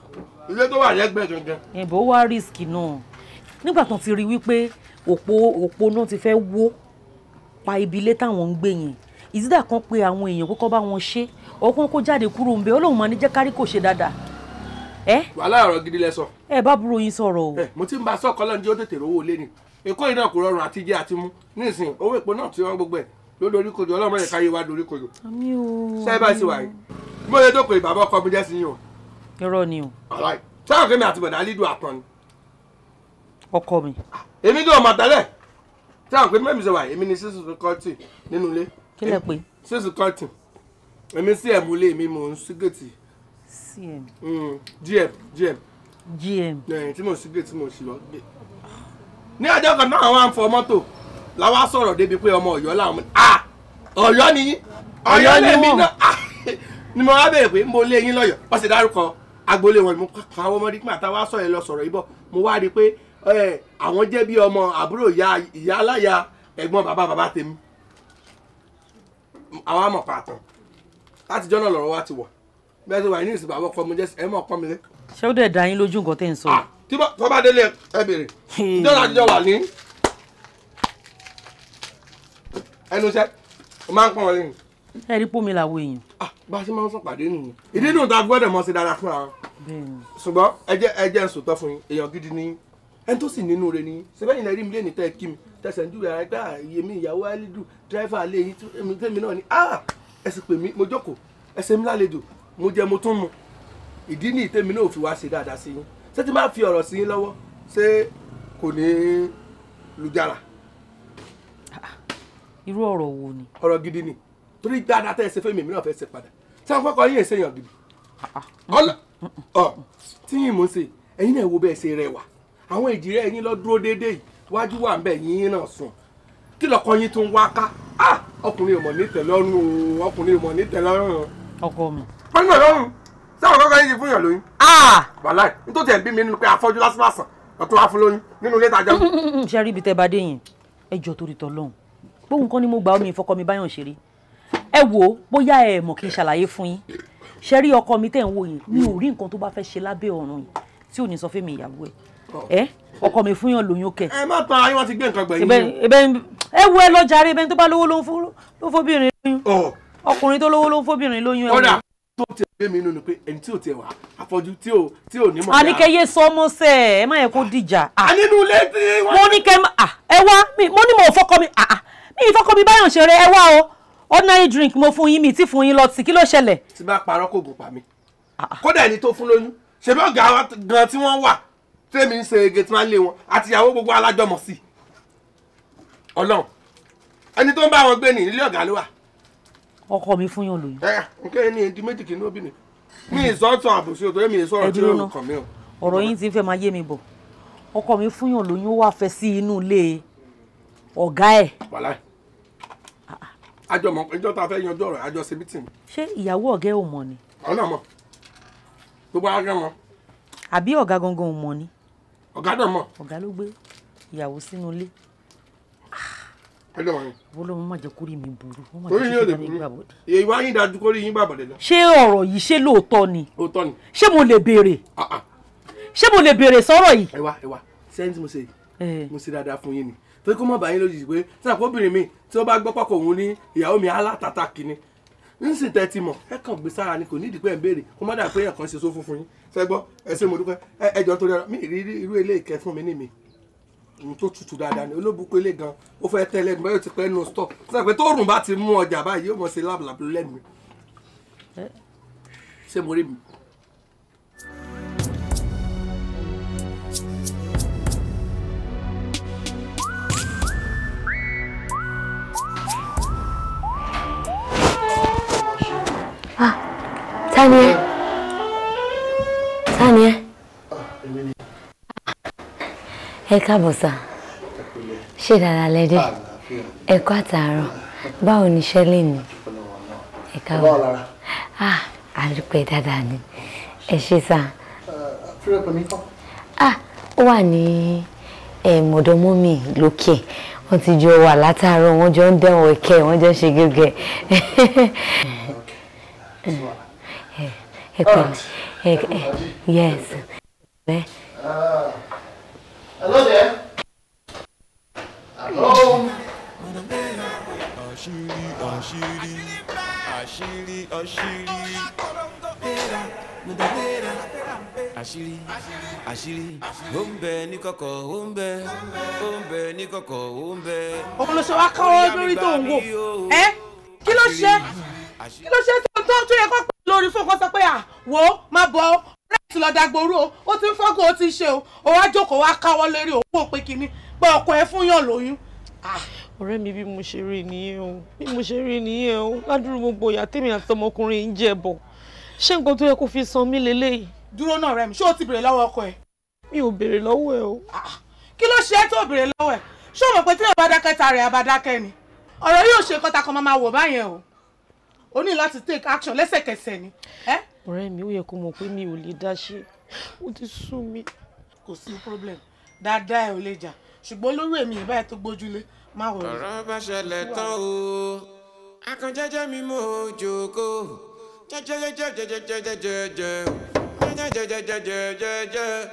ilé tó wà lẹ́gbẹ̀ẹ́ gangan. ẹ̀bùn ó wá rísíkì náà nígbà tó ti rí wípé òpó òpó náà ti fẹ́ wó pa ibi ilé táwọn ń gbé yẹn ìdídà kan pé àwọn èèyàn kókó bá wọn ṣe ọkùnrin kó jáde kúrò ńbẹ Ọlọ́run máa ní jẹ́ kárí kò ṣe dáadáa. wàhálà ọ̀rọ̀ gidi lẹ sọ. ẹ bá burú yín sọ̀rọ̀ o. mo ti ń ba sọ́ọ̀kọ́ lọ́nà jẹ́ ó tètè rówó lé ni èkó yìí náà kò rọrùn àti jẹ àti mú nísìnyí owó èpo náà ti wọ́n gbogbo ẹ̀ ló dorí kodò Ọlọ́run mọ̀ irọ́ ni o. sáà kẹ́mi àti bọ̀dá lídùú àpọn ni. ọkọ mi. èmi dùn ọmọ àtàlẹ̀ sáà pé mẹ́mi sọ̀wá èmi ni sísun kọ́tì nínú ilé. kí lẹ pé. sísun kọ́tì èmi sí ẹ̀mú ilé mi mò ń sígẹ̀tì. cm. Mm, gm gm. gm. ẹ̀yìn tí mò ń sígẹ̀tì tí mò ń ṣì lọ gbé. ní ọjọ́ kan náà wọ́n á fọ mọ́tò làwa sọ̀rọ̀ débi pé ọmọ ọ̀yọ́ làwọn ah! ọ̀yọ́ ni ọ̀yọ́ ni mí náà ah! ni mo wá bẹ̀rẹ̀ pé mo lé yín lọ́yọ̀ wọ́n sì dárúkọ agboolé wọn mo kàn àwọn ọmọdé nígbà tá a wá sọ yẹn lọ sọ̀rọ̀ yìí bọ̀ mo wá rí i pé àwọn jẹ́ bí ọmọ àbúrò ìyá ìyá aláya ẹ̀gbọ́n bàbá bàbá tèmi àwa mọ̀ pàtàn láti jọ́nà lọ́rọ̀ wa ti wọ̀ bẹ́ẹ̀ ti wà ní ìsìn bàbá ọkọ mi jẹ́ ẹ mọ̀ ọkọ mi lé. ṣé ó dẹ̀ dá yín lójú nǹkan tẹ́ ń sọ. tí wọ́n bá délé ẹ bèrè ìjọba àtijọ́ wà ní ẹnu iṣẹ́ ó máa ń pọ̀ wọlé. ẹ rí pómi làwọn èèyàn. Ah, bá a ṣe máa ń sọ̀pàdé nù ìdí nù tá a gbọ́dọ̀ mọ̀ sí dáadáa fúnra ṣùgbọ́n ẹ jẹ́ ẹ jẹ́ ń sòótọ́ fún yín èèyàn gidi ni ẹni tó sì nínú rẹ̀ ni sẹ́fẹ̀yìn náà rí mi lé ní tẹ́ kí mi tẹ̀sán jù yàrá gbà yèmí ìyàwó alidu dírẹ́fà lé yín èmi tẹ́mi náà ni ah! ẹ sì pè mí mo jókòó ẹ ṣe mi lálejò mo jẹ mo tún mu ìdí ní ìtẹ́mi náà ò fi wá ṣe dáadáa sí yín ṣé ti máa fi ọ̀rọ̀ sí yín lọ́wọ́ ṣé kò ní lùjára. Ah, irú ọ̀rọ̀ wo ni. ọ̀rọ̀ gidi ni torí dáadáa tẹ́ ẹ ṣe fẹ́ mi náà fẹ́ ṣe padà ṣé àwọn kọ́kọ́ yín ẹ̀ ṣèyàn gidi ọ tí yín mú ṣe ẹ̀yin náà wo bẹ́ẹ̀ ṣe rẹwà àwọn ìjìrẹ ẹ̀yin lọ dúró déédéé wájú wà ń bẹ yín náà sùn kí lọkọ yín tún wá ká ọkùnrin ò mọ̀ ní tẹ́lọ́rùn o ọkùnrin ò mọ̀ ní tẹ́lọ́rùn. ọkọ mi. pẹ́ńtẹ̀ lọ́rùn sáwọn kọ́kọ́ yín ti fún yàn lóyún. wàláì nítorí ẹ̀ ń bí mi nínú pé afọ́jú lásánlásán ọ̀tún wá fún lóyún nínú ilé ìtajà. ṣe rí ibi tẹ́ bá dé yẹn ẹ jọ torí tọ́ lọ́hùn bóun kọ́ ni mo gbà ọ́ mi ìfọkọ mi báyọ̀ ṣeré ẹ wo bóyá ẹ mọ̀ kí n ṣàlàyé fún yín ṣe rí ọkọ mi tẹ̀ ń wò yìí mi ò rí nǹkan tó bá fẹ́ ṣe lábẹ́ ọ̀run yìí tí ò ní sọ fún mi ìyàwó ẹ ẹ ọkọ mi fún yàn lóyún kẹ. ẹ má pa ayé wọn ti gbé nǹkan gbẹ̀yìn. ẹ wo ẹ lọ jàre ẹbẹ tó bá lówó ló ń fóbìnrin lóyún ọkùnrin tó lówó ló ń fóbìnrin lóyún ẹ wò tó ti gbé mi nínú pé ẹni tí ò tiẹ̀ wá àfọ̀jú tí ò tí ò ní mọ̀ dáa. àníkẹyẹ sọmọ sẹ ẹ má yẹ kó dìjà. a nínú ilé tí. mo ní kẹ ẹ wá mo ní mo fọkọ mi mi ìfọkọ mi báyọ̀ ṣeré ẹ wá o ordinary drink mo fún yín mi tí fún yín lọ́tì kí ló ṣẹlẹ̀. tí bá parọ́ kò gùn pa mi ah, ah. kódà ẹni tó fún lóyún ṣe bí ọ̀gá gan tí wọ́n wà tẹ́mi ń ṣe ege tí wọ́n lé wọn àtìyàwó gbogbo alájọmọ̀ sí ọlọ́run ẹni tó ń bá wọn gbé ní ilé ọ̀gá ló wà. ọkọ mi fún yàn lóyún. ẹ ǹkẹ́ ẹni ẹni méjì kìíní obìnrin mi ìsọ̀tàn àbòsí òtò èmi ìsọ̀rọ̀ tí ó kàn mí o. ọ̀rọ̀ yín ti fẹ́ máa yé mi bọ̀ ọkọ mi fún yàn lóyún wà fẹ́ sí inú ilé ọ̀gá ẹ̀. wàláì àjọ mọ̀ pé ìjọ ta fẹ́ yanjú ọ̀rọ̀ àjọ ṣe mítìmù. ṣé ìyàwó ọ̀gá ò mọ̀ ni. àwọn náà mọ̀ gbogbo ara mọ̀. àbí ọ̀gá gangan ò mọ̀ ni. ọ̀gá náà mọ̀. ọ̀gá ló gbé ìyàwó sínú ilé. wọ́n lọ́mọ má jẹ́ kórìí mi burú. orí yín ò lè burú ìwà yín dájú kórìí yín bàbàdé lọ. ṣé ọ̀rọ̀ yìí ṣé lóòótọ́ ni. lóòótọ́ ni. ṣé mo lè béèrè. Ah, ah. ṣé mo lè béèrè sọ́rọ̀ yìí. ẹ wá ẹ wá sẹ́yìn mo ṣe eh. mo ṣe dáadáa fún yín ni torí kó mọ̀ báyìí lójijì pé sẹ́yìn àpòbìnrin mi tí ó bá gbọ́ pàkó òun ní ìyàwó mi alátàtà kìíní ń sì tẹ́tí mọ̀ ẹ kàn gbé sára ni kò ní ìdìpẹ́ ń béèrè kó má dà pé ẹ̀kan ṣe sófún fún yín ṣe gbọ́ ẹ ṣé mo dúpẹ́ ẹ jọ torí ara mi ìrírí irú ilé ìkẹ́ fún mi ní mi ohun tó tutù dáadáa ni olóbùkún ilé gan ó fẹ́ tẹ́lẹ̀ nígbà yóò ti pẹ́ nù stọ̀ sọ pé tóòrùn bá ti mú ọjà báyìí yóò mọ̀ ṣe lábàlábà lẹ́nu ṣé mo rí mi ta ni ẹ ta ni ẹ ẹ káàbọ̀ sà ṣé dára lẹ́dẹ́ ẹ kú àtàárọ̀ báwo ni iṣẹ́ lè ní ẹ káàbọ̀ ah àdúpẹ́ dáadáa ni ẹ ṣé sà. ah ó wà ní mọ̀dọ́mọ́mì lókè wọ́n ti jọ wà látàárọ̀ ẹ pẹ̀lẹ́ yes. Uh, hello there. Hello. Àṣírí àṣírí àṣírí àṣírí. Àṣírí àṣírí ó ń bẹ ní kọ̀kọ̀ ó ń bẹ ó ń bẹ ní kọ̀kọ̀ ó ń bẹ. Ọmọ ló ṣe wá káwọ́ lórí tó ń wò ẹ́ kí ló ṣe kí ló ṣe tó tó yẹ kó pè lórí fún ọkọ sọ pé à wò ó má bọ ọ rẹ́ẹ̀tì lọ dàgbòrú o ó ti ń fọ́gùn ó ti ṣe o ó wá jókòó wá káwọ́ lérí òun ò pé kinní pé ọkọ ẹ fún yàn lóyún. ọ̀rẹ́ mi bí mo ṣe rí nìyẹn o bí mo ṣe rí nìyẹn o ládùúrú gbogbo ìyá tèmi àti ọmọkùnrin ń jẹ bọ̀ ṣé nǹkan tó yẹ kó fi san mí leléyìí. dúró náà rẹ mi ṣé o ti béèrè lọ́wọ́ ọkọ ẹ. mi ò béèrè lọ́wọ́ ẹ o. kí ló ṣe é tó béèrè lọ́wọ́ o ní láti take action lẹ́sẹ̀kẹsẹ̀ ni. ọ̀rẹ́ mi ó yẹ kó mọ̀ pé mi ò lè dá ṣe ó ti sú mi. kò sí problem dáadáa ẹ ò lè jà ṣùgbọ́n olórí èmi ìbáyà tó gbójúlé má wọ̀ ọ́. ọ̀rọ̀ bá ṣẹlẹ̀ tán o akànjẹ́jẹ́ mi mò ń jòkó jẹ́jẹ́jẹ́jẹ́jẹ́jẹ́jẹ́jẹ́ jẹ́jẹ́jẹ́jẹ́jẹ́jẹ́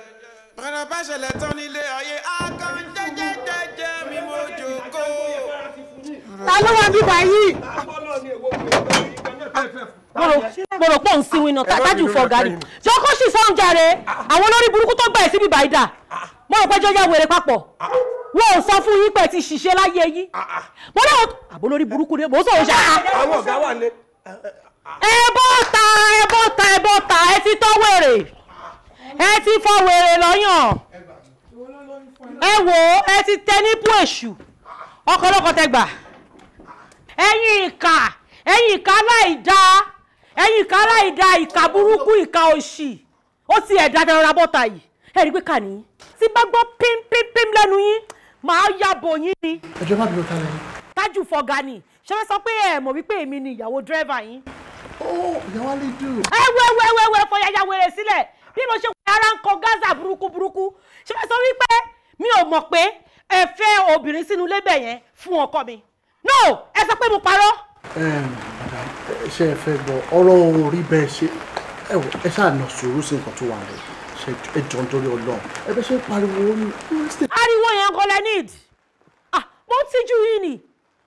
ọ̀rọ̀ bá ṣẹlẹ̀ tán nílé ayé akànjẹ́jẹ́jẹ́jẹ́ mi mò ń jòkó. ta ló wà bíbá yìí gbọ́dọ̀ pọ̀ ń sinwin náà tájú fọ̀gàrì ṣé ó kó sì sọ́n jàre àwọn olórí burúkú tó gbà ẹ̀ síbi bàìdà mo rò pé jọjọ wèrè papọ̀ wọn ò sọ fún yín pé ti ṣiṣẹ́ láyé yín mo náà àbó lórí burúkú ni mo sọ̀rọ̀ ṣáà. àwọn ọ̀gá wà ní. ẹ bọ́ ta ẹ bọ́ ta ẹ bọ́ ta ẹ ti tọ́ wèrè ẹ ti fọ wèrè lọ́yàn ẹ wò ẹ ti tẹ ní pú èṣù ọkọ̀ ọlọ́kọ̀ tẹ gbà ẹ̀yin ìkà ẹ̀yin ìka aláìda ẹ̀yin ìka aláìda ìka burúkú ìka òṣì ó ti ẹ̀dá dára bọ́ta yìí ẹ rí pé kà ní. tí bá gbọ́ pínpínpín lẹ́nu yín màá yàbò yín ni. ẹjọ́ má bínú tálẹ̀ ni. tájù fọ̀gà ni ṣé wọ́n sọ pé ẹ mọ̀ wípé èmi ni ìyàwó dírẹ́fà yín. ó ìyàwó lè dùn. ẹ wẹ wẹ wẹ wẹ fọ yàyà wẹrẹ sílẹ̀ bí mo ṣe wọ ara ń kọ gaza burúkú burúkú ṣé wọ́n sọ wípé mi ò mọ̀ pé ẹ fẹ́ obìnrin sínú lébẹ̀ yẹn fún ọkọ mi. no ẹ sọ pé mo parọ́ ṣe é fẹ́ gbọ́ ọ̀rọ̀ orí bẹ́ẹ̀ ṣe ẹ wò ẹ ṣáà nà sùúrù sí nǹkan tó wà lẹ ẹ jọ nítorí Ọlọ́run ẹ bẹ ṣe ń pariwo ní. ariwo yẹn kọ́ lẹ need ah, mo ń tijú yín ni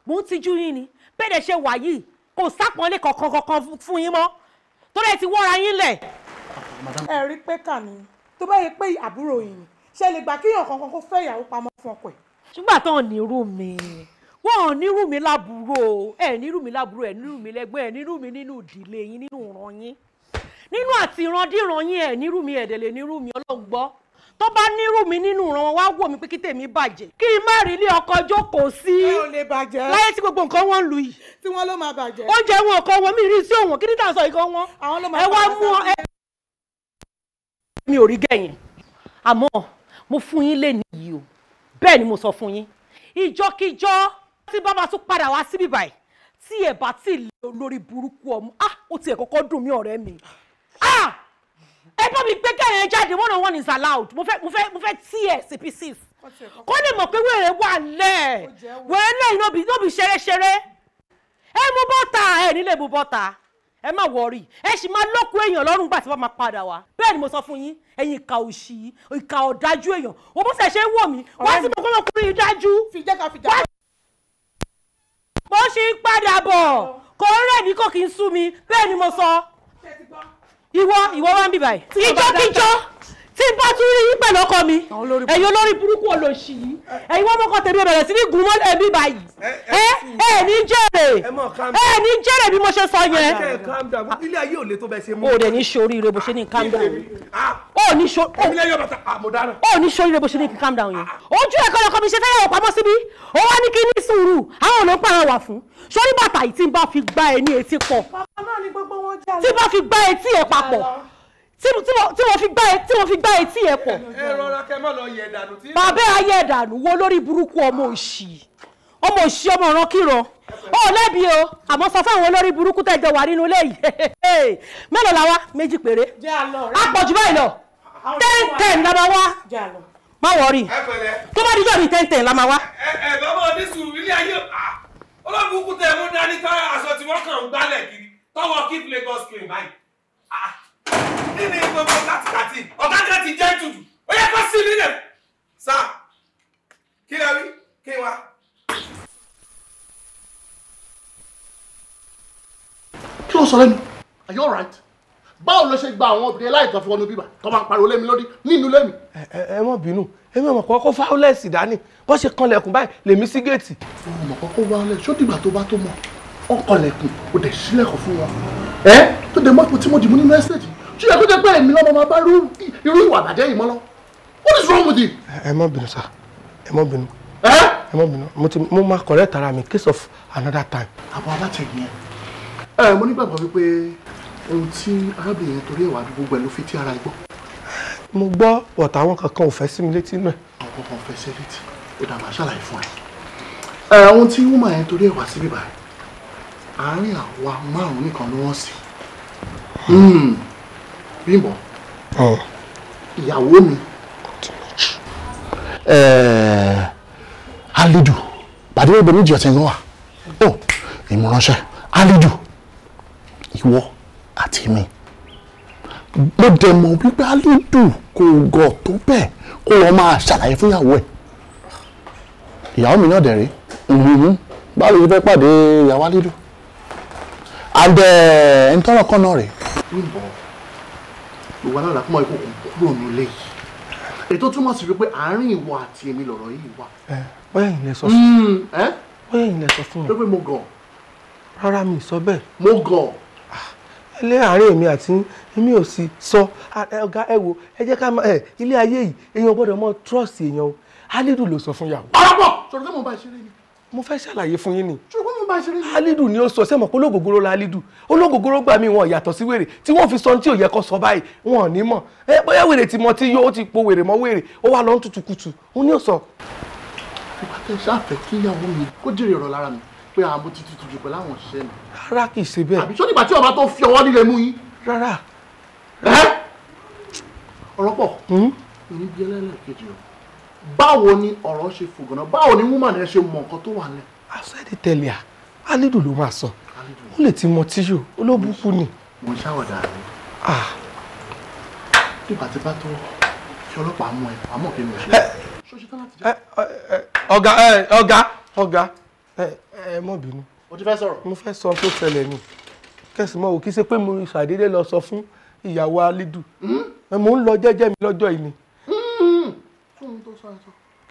mo ń tijú yín ni bẹ́ẹ̀ ṣe wà yìí kò sápọ́nlé kankan kankan fún yín mọ́ torí ẹ ti wọ́ra yín lẹ̀. ẹ rí pé kà ní tó bá yẹ pé àbúrò yìí ṣe lè gbà kíyàn kankan kó fẹ́ ìyàwó pamọ́ fún ọkọ ẹ̀. ṣùgbọ́n àtọ̀ nírú mi wọn ò nírú mi lábúrò o ẹ nírú mi lábúrò ẹ nírú mi lẹ́gbọ́n ẹ nírú mi nínú ìdílé yín nínú ìran yín nínú àti ìrandíran yín ẹ nírú mi ẹ̀dẹ̀lẹ̀ nírú mi ọlọ́run gbọ́ tó bá nírú mi nínú ìran wọn wá wò mí pé kí tèmi bàjẹ́ kí n má rí ilé ọkọ jókòó sí láyé tí gbogbo nǹkan wọn lù yìí tí wọn ló máa bàjẹ́ oúnjẹ wọn kọ wọn mi rí sí òun kí níta sọ ìkan wọn ẹ wá mú ẹ. mi ò rí gẹ̀yìn àmọ́ mo fún yín lé nìyí o bẹ́ẹ̀ ni mo sọ fún yín ìjọ́kíjọ́ tí bá máa tún padà wá síbí báyìí tí ẹ bá tí lè olórí burúkú ọmọ ah ó tiẹ̀ kọ́kọ́ dùn mí ọ̀rẹ́ mi ah ẹ bá mi gbé kẹ́hìn jáde one on one is allowed mo fẹ́ mo fẹ́ mo fẹ́ tí ẹ sí pieces kó lè mọ̀ pé wèrè wà lẹ̀ wèrè lẹ́yìn lóbi lóbi ṣeré-ṣeré ẹ mú bọ́ta ẹ nílé mú bọ́ta ẹ má wọrí ẹ sì máa lọ́kùn èèyàn lọ́rùn gbà tí wọ́n máa padà wá bẹ́ẹ̀ ni mo sọ fún yín ẹ̀yin ìka òṣì ìka ọ̀dájú èèyàn òun bó ṣe ṣe ń wò mí wá sí mo kọ́ ọkùnrin dájú wá bó ṣe ń padà bọ̀ kò ń rẹ̀ mí kò kí ń sú mi bẹ́ẹ̀ ni mo sọ ìwọ ìwọ wá ń bì báyìí ìjọ tí n bá tún rí yín pẹ̀lú ọkọ mi ẹ̀yin olórí burúkú olóṣì yìí ẹ̀yin wọ́n mọ́kàn tèmi bẹ̀rẹ̀ sí ní gùn mọ́ ẹbí báyìí ẹ ẹ ní jèrè ẹ ní jèrè bí mo ṣe sọ yẹn. Ah. ilé ayé ò lè tó bẹ́ẹ̀ ṣe mú. o dẹ̀ ní sóríire bó ṣe ní calm down ah. o ní so o ah, ní sóríire bó ṣe ní calm down yẹn ojú ẹ̀kọ́ lọkọ mi ṣe fẹ́ yàwó pamọ́ síbí ó wá ní kí ní sùúrù àwọn ò ló pa ara wà fún sórí bàtà yìí tí n bá fi gbá ẹ ní etí pọ̀ tí mo fi gbá tí mo fi gbá etí ẹ pọ̀. ẹ rọra kẹ má lọ yẹ ìdànù tí. bàbá ayé ìdànù wo lórí burúkú ọmọ òṣì ọmọ òṣì ọmọ ọ̀ràn kíran ó lẹ́bi o àmọ́ sọ fún àwọn olórí burúkú tẹ̀jọ wà nínú ilé yìí mélòó la wá méjì péré àpọ̀jù báyìí lọ ten ten la máa wá má wọrí tó bá dijọ́ mi ten ten la máa wá. ẹ ẹ bàbá oníṣù ilé ayé ah, olórí burúkú tẹ̀ mú dání tá aṣọ tí wọ́n kàn ń gbálẹ̀ kiri tọwọ́ keep Lagos clean báyìí. Ah, kí ni gbogbo kàtìkàtì ọ̀gá kan ti jẹ́ tutù ó yẹ kó sí mi sá kí lè rí kí wá. kí ló sọ lẹ́nu are you alright báwo ló ṣe gba àwọn obìnrin láìtọ́ fún ọnu bíbà tó máa pariwo lémi lórí nínú lémi. ẹ ẹ mọ bínú èmi ò mọ̀ kọ́kọ́ fáwọlẹ́sì dání bó ṣe kanlẹ̀kùn báyìí lèmi sí géètì. ò mọ̀ kọ́kọ́ fáwọlẹ́sì ó dìgbà tó bá tó mọ̀ ọkọlẹ̀kùn ó dẹ̀ sílẹ̀kùn fún wọn. ẹ tó dẹ̀ mọ́tò tí mo dìbò nínú ẹ́sẹ̀tì ṣé yẹ kó jẹ́ pé èmi lọ́mọ máa bá irú ìwà àbàjẹ́ yìí mọ́ lọ what is wrong with you. ẹ má bínú sá ẹ má bínú ẹ má bínú mo ti mo máa correct ara mi case of another time. àbọ̀ aláta ìyẹn ẹ mo nígbàgbọ́ wípé ohun tí arábìnrin torí ẹ̀wà gbogbo ẹ̀ ló fi tí ara gbọ́. mo gbọ́ ọ̀tá àwọn kankan ò fẹ́ sí mi létí náà. àwọn kankan ò fẹ́ sí létí ó dàgbà ṣàlàyé fún ẹ. ohun tí wúmà yẹn torí ẹ̀wà síbí báyìí àárín àwa márùn-ún nìkan ló wọ́n sí. Hmm. Bímbọ́ ìyàwó mi. àlejò pàdé ìbò méjì ọ̀sẹ̀ ló wà ó ìmúránṣẹ́ àlejò ìwọ àti mi mo dẹ̀ mọ̀ wípé àlejò kò gọ̀ tó bẹ́ẹ̀ kó lọ́ọ́ máa ṣàlàyé fún ìyàwó ẹ̀ ìyàwó mi náà dẹ̀ rí báwo ló fẹ́ pàdé ìyàwó àlejò and ẹ̀ eh, ń tọrọ kọ́ náà gbogbo alára kó máa kó kúrò nílé yìí ètò túmọ̀ sí wípé àárín ìwọ àti èmi lọ̀rọ̀ yìí wà. bóyá ìyìn lẹ sọ fún mi hmm, bóyá ìyìn lẹ sọ fún mi. pé mo gàn. rárá mi sọ bẹ́ẹ̀. mo gàn. Ah, ilé àárín èmi àti èmi ò sì sọ ọ̀gá ẹ wo ẹ jẹ́ ká máa ilé ayé yìí èèyàn gbọ́dọ̀ mọ trust èèyàn o alidu ló sọ fún yàwó. ọ̀rọ̀ pọ̀ sọ̀rọ̀ tí mo bá ṣeré ni mo fẹ́ ṣàlàyé fún yín ni. ṣùgbọ́n mo bá ṣe rí i. alidu ni ó sọ sẹ́mọ̀ pé olóògógóró la alidu olóògógóró gbà mí wọn yàtọ̀ sí wèrè tí wọ́n fi sọ tí ò sọ báyìí wọn ò ní mọ̀ ẹ bóyá wèrè ti mọ tí yóò ti po wèrè mọ́ wèrè ó wà lọ́n tutù kutù ó ní òsọ. ìgbà tẹ ṣáàfẹ́ kí ìyàwó mi kó jèrè ọ̀rọ̀ lára mi pé àwọn ti tutù jù pẹ̀lú àwọn òṣìṣẹ́ mi. rárá kì í ṣe bẹ́ẹ̀. àbí sọ́dìgbà tí ọba tó fi ọwọ́ líle mú yín. rárá. ọ̀rọ̀ pọ̀. òní hmm? bí ẹlẹ́lẹ́ báwo ni ọ̀rọ̀ ṣe fògànà báwo ni woman ẹ ṣe mọ nǹkan tó wà lẹ. àṣẹ́dì tẹ̀lé à alidu ló máa sọ ó lè ti mọ tíṣù olóbùkún ni. mo ṣàwọ̀dà rẹ. nígbà ah. tí bá tó kí ọlọ́pàá mú ẹ àmọ́ kí mi ò ṣe. ọ̀gá ọ̀gá ọ̀gá eh, eh, ẹ mọ̀ bínú. o ti fẹ́ sọ̀rọ̀. mo fẹ́ sọ tó ṣẹlẹ̀ ni kẹsì mọ́ o kì í ṣe pé mo ṣàdédé lọ sọ fún ìyàwó alidu mo hmm? eh, ń lọ jẹ́jẹ́ mi lọ́jọ́ yìí ni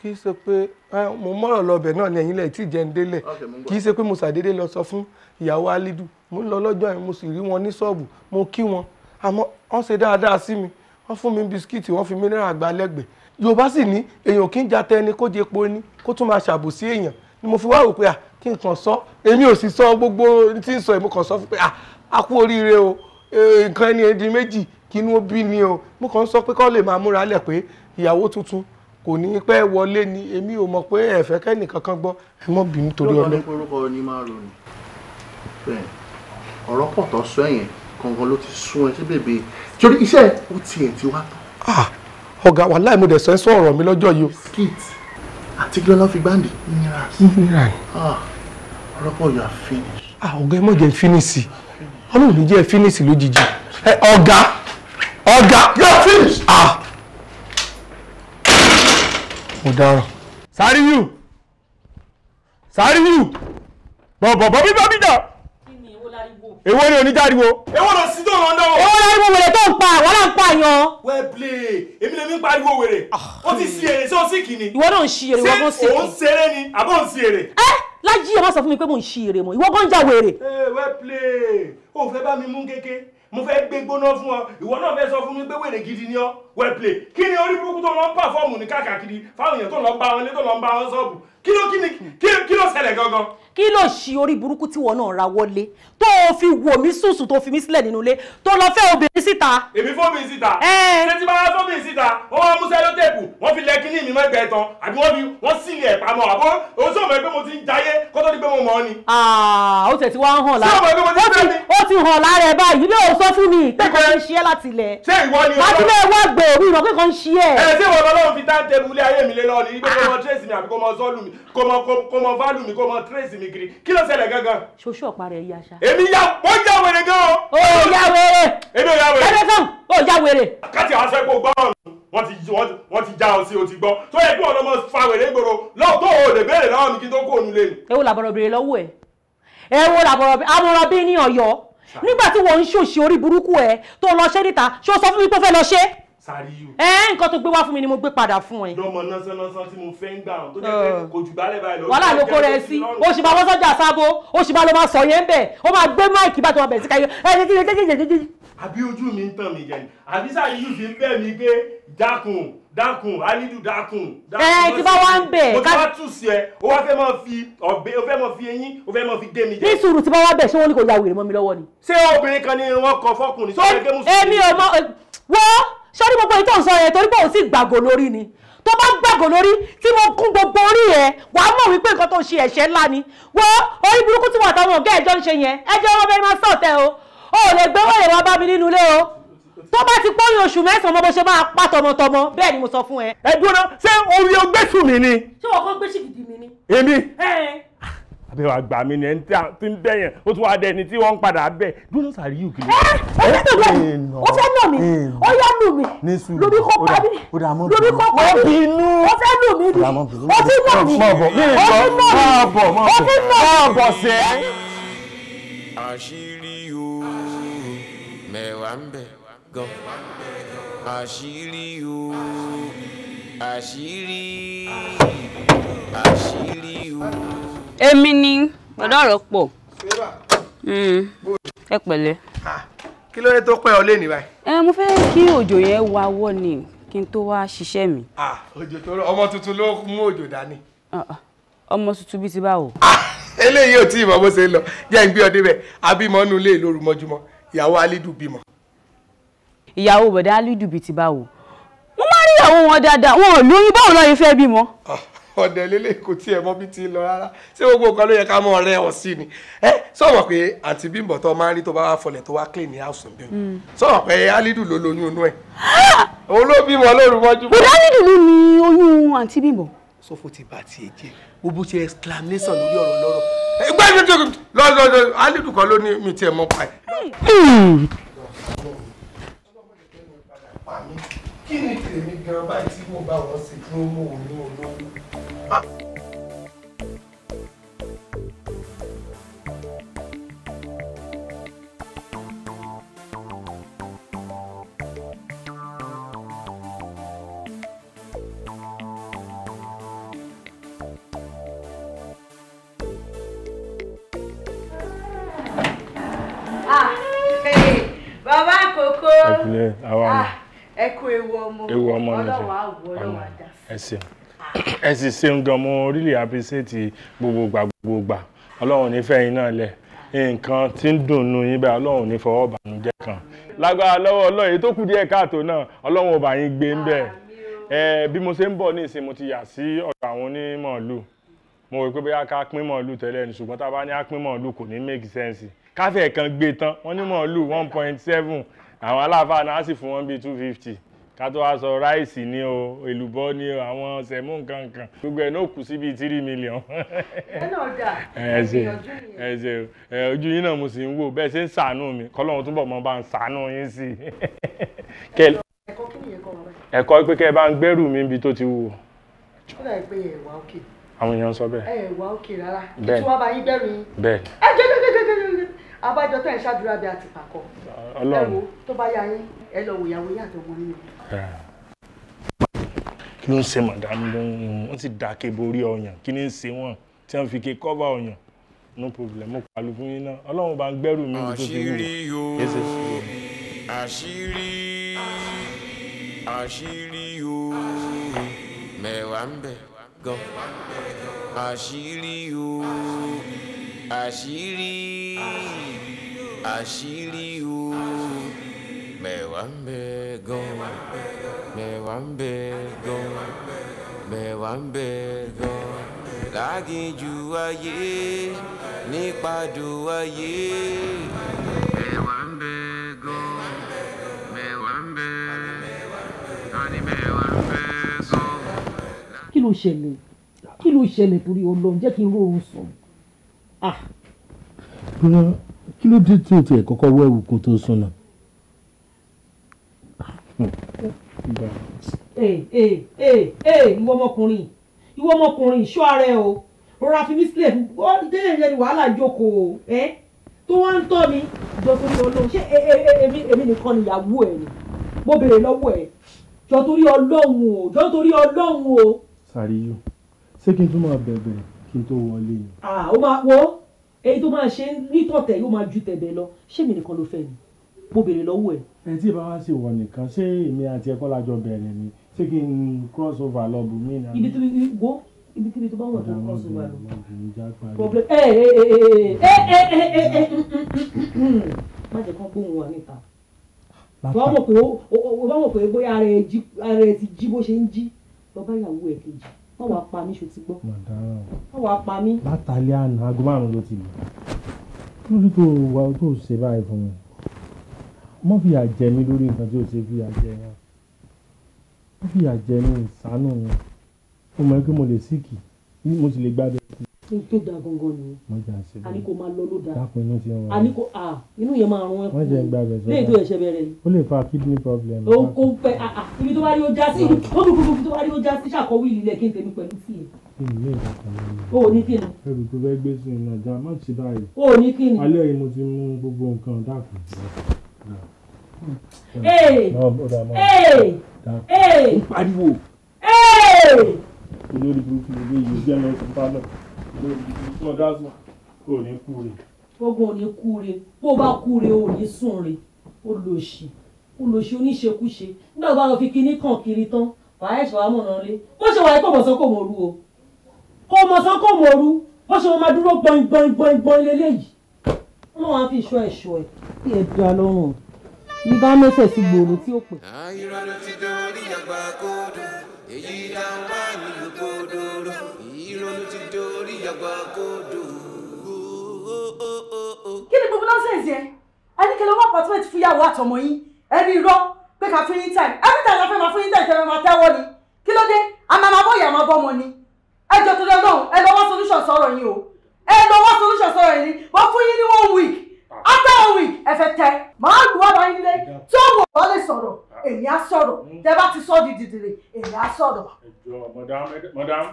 kì í ṣe pé mo mọ̀rọ̀ lọ́bẹ̀ náà ni ẹ̀yin lẹ̀ tí jẹun délẹ̀ kì í ṣe pé mo ṣàdédé lọ sọ fún ìyàwó alidu mo ń lọ lọ́jọ́ yẹn mo sì rí wọn ní ṣọ́ọ̀bù mo kí wọn àmọ́ wọ́n ṣe dáadáa sí mi wọ́n fún mi bisikíìtì wọ́n fi mineral àgbà lẹ́gbẹ̀ẹ́ yorùbá sì ní èèyàn kì í ja tẹni kó jẹ epo ni kó tún máa ṣàbòsí èèyàn ni mo fi wá rò pé à kí n kàn sọ èmi ò sì sọ gbogbo tí ń sọ èmi kàn sọ fún pé à á kú oríire o e, nǹkan ẹni ẹni méjì kí inú bí ni o mo kàn ń sọ pé kọ́ lè máa múra lẹ̀ pé ìyàwó tuntun kò ní pẹ́ wọlé ni èmi ò mọ̀ pé ẹ̀fẹ́ kẹ́nì kankan gbọ́ ẹ mọ́ bínú torí ọlọ́. lóòótọ́ ni orúkọ ni máa rò ní bẹ́ẹ̀ ọ̀rọ̀ pọ̀ tó sọ ẹ̀yẹn kankan ló ti sún ẹ sí bèbè torí iṣẹ́ ó tiẹ̀ ti wá tán. Ah, ọ̀gá wà láì mo dẹ̀ sọ ẹ́ sọ ọ̀rọ̀ mi lọ́jọ́ yìí o. skit àti kí lọ́lá fi gbáǹdì nira sí. nira ni. ọ̀rọ̀ pọ̀ yà finish. Ah, ọ̀gá ẹ mọ̀ jẹ́ fínísì ọlọ́run ní jẹ́ fínísì lójijì ọ̀gá ọ̀gá yà mo dárò. sáríwù sáríwù bọ̀bọ̀ bọ́bí bọ́bí jà. Ewo ni onídàríwo. èwo lọ sí tó rán náà. èwo lọ́rí wèrè tó ń pa àwọn náà ń pa yan. wẹ́ẹ̀blẹ̀ èmi lèmi ń pariwo wèrè ah. ó ti sí èrè sí ó sì kì ni. ìwọ náà ń ṣí èrè ìwọ náà ń si èrè. ṣé òun ṣeré ni àbọ̀ ń sí èrè. ẹ lájí ẹ má sọ fún mi pé mò ń ṣí èrè mọ́ ìwọ gan jà wèrè. ẹ eh, wẹ́ẹ̀blẹ̀ o fẹ́ bá mi mú kéke mo fẹ́ gbé gbóná fún ọ ìwọ náà fẹ́ sọ fún mi pé wèrè gidi ni ọ well play kí ni orí burúkú tó lọ ń pàfọ́ọ̀mù ní káàkiri fáwọn èèyàn tó lọ ń bá wọn lé tó lọ ń bá wọn sọ́ọ̀bù kí ló kí ni kí ló ṣẹlẹ̀ gangan. kí ló ṣì orí burúkú tí wọn náà ra wọlé tó o fi wò mí sùsù tó fi mí sílẹ̀ nínú ilé tó lọ fẹ́ obìnrin síta. èmi fóbìnrin síta. ṣé tí báwa fóbìnrin síta wọ́n wá mú sẹ́lótèpù wọ́n fi lẹ kíní mi mẹ́gbẹ̀ẹ́ tán àbí wọ́n fi wọ́n sílẹ̀ ẹ̀ pamọ́ àbọ̀ oṣù ọmọ ẹgbẹ́ mo ti ń jayé kó tó di pé mo mọ̀ ọ́ ni. ó tẹ̀ tí wọ́n á hàn lára ó ti hàn lára ẹ̀ báyìí ilé ò sọ fún mi pé kò ń ṣe é láti ilẹ̀. ṣé ìwọ ni ọlọ́run. láti ilé ẹwà gbèrú ìrọ̀ pé kò ń ṣe é. ẹ ṣé ìwọ ni ọlọ́run fi táǹtẹ̀bù ilé ayé mi lé lọ́ọ̀ ni gbé kó mọ mi àbí kó mi kó mọ kó mọ value mi kó mọ trace mi kiri kí ló ṣẹlẹ̀ gangan. ṣoṣo ọ̀pá rẹ̀ yá ṣá. èmi ya ó ya wèrè gan o. ó ya wèrè. èmi ò ya wèrè. ẹgbẹ́ kan ó ya wèrè. káti àwọn aṣọ ẹ̀kọ́ gbọ́ràn wọ́n ti wọ́n ti já ọ sí o ti gbọ́ tó yẹ kí wọn lọ́mọ fa wèrè gbòòrò lọ́wọ́ tó o lè béèrè lọ́wọ́ mi kí n tó kó onú lé mi. èwo làbọ̀rọ̀ béèrè lọ́wọ́ ẹ̀ èwo làbọ̀rọ̀ amọ̀rọ̀ bí ní ọ̀yọ́ nígbà tí wọ́n ń ṣòṣì orí burúkú ẹ̀ tó lọ ṣe níta o sọ fún mi pé o fẹ́ lọ ṣe. Sàríyù. ẹ nǹkan tó gbé wá fún mi ni mo gbé padà fún ẹ. lọmọ nọsán nọsán tí mo fẹ́ ń gbà tó jẹ́ pé kò jù gbálẹ̀ báyìí lọ. wàhálà ló kó rẹ sí o sì máa wọ́n sọ́jà sábó o sì máa lọ máa sọ yẹn bẹ́ẹ̀ o máa gbé máìkì bá tó máa bẹ̀rẹ̀ sí káyọ ẹ ní kíni kékeré kékeré. àbí ojú mi ń tàn mí jẹ ni àbí Sàríyù fi ń bẹ̀ mí pé dákun dákun alidu dákun. ẹ ti bá wá ń bẹ̀. mo ti wá tù sí ẹ o wá fẹ́ máa fi ọ̀bẹ o fẹ́ máa fi eyín o fẹ́ máa fi gé mi jẹ. ní sùúrù tí bá wá bẹ̀ ṣé wọ́n ní kò ya wèrè mọ́ mi lọ́wọ́ ni. ṣé obìnrin kan ni wọ́n kọ fọkùnrin. èmi ò mọ wọ́n ṣé ní gbogbo ìtàn sọ yẹn torí pé òun sì gbàgò lórí ni tó bá gbàgò lórí tí mo kún gbogbo orí ẹ wàá mọ̀ wípé nǹkan tó ṣe ẹ̀ṣẹ̀ ńlá ni wo orí burúkú tí wọ́n àtàwọn ọ̀gá ẹ̀jọ́ ń ṣe yẹn ẹjọ́ wọn bẹ́ẹ̀ máa sọ̀tẹ̀ o o ò lè gbé wọ̀nyẹn wá bá mi nínú ilé o tó bá ti pọ́yìn oṣù mẹ́sàn-án mo bó ṣe máa pa tọmọtọmọ bẹ́ẹ̀ ni mo sọ fún ẹ. ẹ dúró ṣé orí o gbẹ́sùn mi ni. ṣé wọn kọ́ gbé ṣìgìdì mi àbẹ̀ wà gbà mí ni ẹni tí ń bẹ̀ yẹn ó tún wá dé ẹni tí wọ́n ń padà bẹ̀ dúró sàrí yìí kìlọ̀. ẹ ẹ tó bẹ́ẹ̀ ó fẹ́ nà mí ó yá nù mí lórí kó pa mí lórí kó pa mí ó fẹ́ nù mí ni ó ti nà mí ó ti nà mí ó ti nà mí sẹ́. àṣírí o mẹ́wàá ń bẹ̀ gan àṣírí o àṣírí àṣírí o èmi ni ọ̀dọ́ ah. ọ̀rọ̀ pọ̀ hmm, ẹ pẹ̀lẹ́. Ah, kí ló dé tó pẹ́ ọ léèní báyìí. ẹ mo fẹ́ kí òjò yẹn wá wọ́ ni kí n tó wá ṣiṣẹ́ mi. Ah, òjò tó rọ ọmọ tuntun ló mú òjò dání. ọmọ tuntun bíi ti báwo. eléyìí ò tí ì mọ bó ṣe ń lọ jẹ́ ń gbé ọdẹ bẹ́ẹ̀ abímọ nù lé lóru mọ́júmọ́ ìyàwó alidu bímọ. ìyàwó bọ̀dá alidu bíi ti báwo wọ́n máa rí ìyàwó wọn dáadáa wọn ò lóyún báwo lọ́ọ́ yẹn fẹ́ bímọ ọ̀dẹ̀ lélẹ̀ kò tiẹ̀ mọ́ bí ti lọ rárá ṣé gbogbo nǹkan ló yẹ ká mọ̀ ọ̀rẹ́ ọ̀ sí ni ẹ sọ̀rọ̀ pé àǹtí Bímbọ́ tó máa ń rí tó bá wà fọlẹ̀ tó wá clean ní house ń bí wọn sọ̀rọ̀ pé Alidu ló lóyún inú ẹ̀ ah! òun ló bímọ lóru mọ́jú. bùdá Alidu ló ní oyún àǹtí Bímbọ́. sọfọ ti bá tiẹ̀ jẹ gbogbo ti exclamation lórí ọ̀rọ̀ lọ́rọ̀ ẹgbẹ́ mi tó lọ́dọọdọ Alidu kan ló ní mi tiẹ̀ mọ́ pa ẹ̀. Hmm. kí ni tèmi gan báyìí tí mo bá wọn ṣe tí ó òun ní olówó Ah, bàbá àkókò. Ah, ẹ kú ewu ọmọ. Ewu ọmọ ni ṣe. Ọlọ́run ẹ sì ṣeun gan mo really appreciate gbogbo gbà gbogbo gbà ọlọ́run nífẹ̀ẹ́ yín náà lẹ̀ nǹkan tí ń dùn nù yín bẹ́ẹ̀ ọlọ́run ní fọwọ́ bànújẹ́ kan lágbára lọ́wọ́ ọlọ́run tó kù díẹ̀ káàtó náà ọlọ́run ọba yín gbé ń bẹ̀ ẹ bí mo ṣe ń bọ̀ ní ìsìn mo ti yà sí ọ̀dọ̀ àwọn onímọ̀ọ́lù mo rò pé bóyá ká pín mọ̀ọ́lù tẹ́lẹ̀ ní ṣùgbọ́n tá a bá ní á pín mọ̀ọ́lù kò ní make sense káfíẹ̀ kan gbé tán wọ́n ní mọ̀ọ́lù one point seven àwọn aláàfáà náà á sì fún wọn bíi two fifty ká tó wá sọ ráìsì ni o èlùbọ́ ni o àwọn sẹ̀mú nǹkan nǹkan gbogbo ẹ̀ náà kù sí bíi tírí mílíọ̀n. ẹ náà dà ẹ ṣe ẹ ṣe ẹ ojú yín náà mo sì ń wò bẹ́ẹ̀ ṣe ń ṣàánú mi kọ́lọ́run túbọ̀ mọ́ bá ń ṣàánú yín sí i. ẹ̀kọ́ pé kẹ́ ẹ bá ń gbẹ́rù mi níbi tó ti wù. àwọn èèyàn sọ bẹ́ẹ̀. ẹ̀ wá òkè rárá kí tí bá yín gbẹ́rù yín. bẹ́ẹ̀ ẹ wo tó ẹ lọ wò ìyàwó yàtọ̀ ọmọ yín. kí ló ń ṣe màdàmú lóhùn wọn sì dà kébò orí ọyàn kí ni ń ṣe wọn tí wọn fi ké kọ́bà ọyàn no problem mo pàlù fún yín náà ọlọ́run bá ń gbẹ́rù mi tó fi wù mí. àṣírí àṣírí o mẹ́wàá ń bẹ̀ gan àṣírí o àṣírí àṣírí o. Me ń bego, me mẹ́wàá bego, me gan bego. ń bẹ gan láginjù ayé nípadò ayé me ń bego, gan mẹ́wàá ń bẹ tani mẹ́wàá ń bẹ gan. kí ló ṣẹlẹ̀ kí ló ṣẹlẹ̀ torí ọlọ́run jẹ́ kí n rọrùn sùn. Ah! kí ló dé tí kọ́kọ́ wẹ́wù kó tó sùn náà ìwọ ọmọkùnrin ìwọ ọmọkùnrin ìṣọ́ ara ẹ o rọra fi mí sílẹ̀ déyìn yẹn ni wàhálà jókòó ẹ tó wá ń tọ́ mi jọ torí ọlọ́run ṣé èmi nìkan nìyàwó ẹ ni mo béèrè lọ́wọ́ ẹ jọ torí ọlọ́run o jọ torí ọlọ́run o. sàríyù ṣé kí n tún máa bẹ̀bẹ̀ kí n tó wọlé yìí. ó máa wọ èyí tó máa ṣe ní tọ̀tẹ̀ yóò máa ju tẹ̀bẹ̀ lọ ṣé èmi nìkan ló fẹ́ ni mo béèrè lọ́wọ́ ẹ̀. ẹ tí ìbá wa sì wọ nìkan ṣé èmi àti ẹkọ lájọ bẹ̀rẹ̀ ni ṣé kí n cross over lọ bù mí. ibi tó bí wo ibi kíbi tó bá wọ̀ tó cross over lọ. problem ẹ ẹ ẹ ẹ ẹ ẹ ẹ ẹ má jẹ́ kán gbóhùn wa níta. wọ́n mọ̀ pé wọ́n mọ̀ pé bóyá ara ẹ ti jí bó ṣe ń jí lọ bá ìyàwó ẹ̀ kejì wọ́n wàá pa mí ṣe ti gbọ́. wọ́n wàá pa mí. látàlí àná aago márùn-ún ló ti lù. lórí tó wà tó ṣe báyìí fún mi mọ́ fi àjẹ mi lórí nǹkan tí o ṣe fi àjẹ wọn mọ́ fi àjẹ mi ìsánú mi mo mọ̀ pé mo lè síkì mo sì lè gbádùn sí. tó da gangan ni àní kò máa lọ ló da dákun inú ti ń wọn àní kò à inú yẹn máa rún ẹ kúrò léyìí tó ẹsẹ bẹ̀rẹ̀ yìí. ó lè fa kidney problem. o kò pẹ ibi tó bá rí o já sí ó dùn kúkú tó bá rí o já sí ṣàkọwé ìlílẹ̀ kí n tẹ̀mí pẹ̀lú sí i. kí ni ilé ìtàkùn mi. o ò ní kí ni. ẹrù tó fẹ́ gbé sí ìrìn àjò àmọ́ ti báyìí. o ò ní kí alẹ́ yìí mo ti mú gbogbo nǹkan dákun pariwo olórí burúkú ló yìí jẹ́ lọ sí pálọ̀ olórí burúkú ọ̀dà sùn kò ní kú rè. gbogbo ò ní kú rè bó bá kú rè ò ní sùn rè ó lò sí ó lò sí oníṣekúṣe nígbà tó bá lọ fi kinní kàn kiri tán wàá ẹ̀ṣọ́ wa mọ̀nà lé bó ṣe wà ní kò mọ̀sán kò mọ̀ọ́rú o kò mọ̀sán kò mọ̀ọ́rú bó ṣe wọn máa dúró gbọ̀ngbọ̀ngbọ̀ngbọ̀n lélẹ́yìí wọ́n wá fi ìṣọ́ ẹ̀ṣọ́ ẹ̀ kí ẹ dá lọ́rùn ní bá mẹ́sẹ̀ sí gbòòrò tí ó pè. àìrọ̀lù ti dorí àgbà kodo èyí dá wà nílùú kodoro ìrọ̀lù ti dorí àgbà kodo. kí ni gbogbo nọ́ọ̀sẹ̀sì ẹ ẹnikẹ́ni wọ́n apartment fún ìyàwó àtọmọ yín ẹni rọ pé ká fún yín time every time la fẹ́ máa fún yín time tẹ́lẹ̀ máa tẹ́wọ́ ni kí ló dé a máa máa bọ̀ ìyá máa bọ́ ọmọ ni ẹ jọ torí ọlọ́run ẹ lọ wá solution sọ̀rọ̀ yín o ẹ lọ wá solution sọ̀rọ̀ yìí wọ́n fún yín ní one week after one week ẹ fẹ́ tẹ màá lù wá bá yín nílé tí ó wò wọ́n lè sọ̀rọ̀ ah. èmi á sọ̀rọ̀ tẹ bá ti sọ di dìdìrì èmi á sọ̀rọ̀. madam madam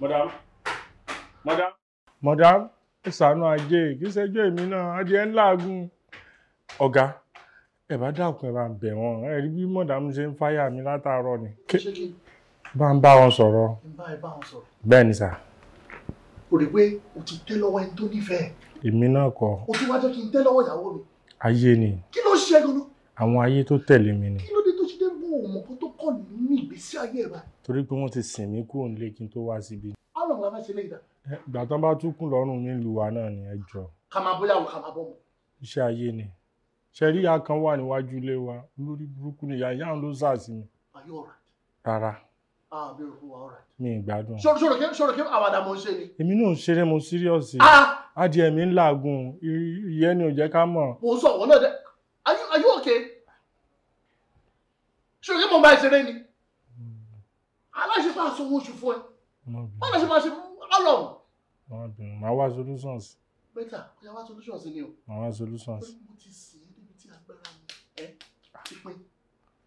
madam madam madam ìsànú ajé ìgbésẹjọ èmi náà adìẹ ńlá agun ọ̀gá ẹ bá dákun ẹ bá ń bẹ̀ wọ́n ẹ rí bí mọdàmú ṣe ń fáyà mi látàárọ̀ ni bá ń bá wọn sọ̀rọ̀ bẹ́ẹ̀ ni sà o rí pé o ti tẹ́ lọ́wọ́ ẹni tó nífẹ̀ẹ́. èmi náà kọ. o ti wá jẹ́ kí n tẹ́ lọ́wọ́ ìyàwó mi. ayé ni. kí ló ṣe gan-an. àwọn ayé tó tẹ̀lé mi ni. kí ló dé tó ṣe dé mú òmò kó tó kọ̀ ní ìgbésí ayé rẹ. torí pé wọ́n ti sìn mí kúrò nílé kí n tó wá síbi. àwọn ọ̀la fẹ́ ṣe lé ìdá. ìgbà tán bá tún kún lọ́rùn mi lù wá náà ni ẹ jọ. ká máa bóyá ká máa bọ́ mu. iṣẹ́ ayé ni ṣẹ̀ríyà kan wà níwájú ilé wa olórí burúkú ni yàyà ń lọ sáà sí mi. ayé ọ̀rọ̀. rárá. Ah, mi gbádùn. èmi náà ṣeré mo serious. Ah! adìẹ mi ń làágùn ìyẹn ni ò jẹ́ ká mọ̀. are you are you okay? ṣòro kí mo máa ṣeré ni. aláṣẹ wá solutions. bẹ́tà kò yà wá solutions ni o. màá wá solutions. mo ti sìn ín níbi tí agbára mi ẹ ti pín.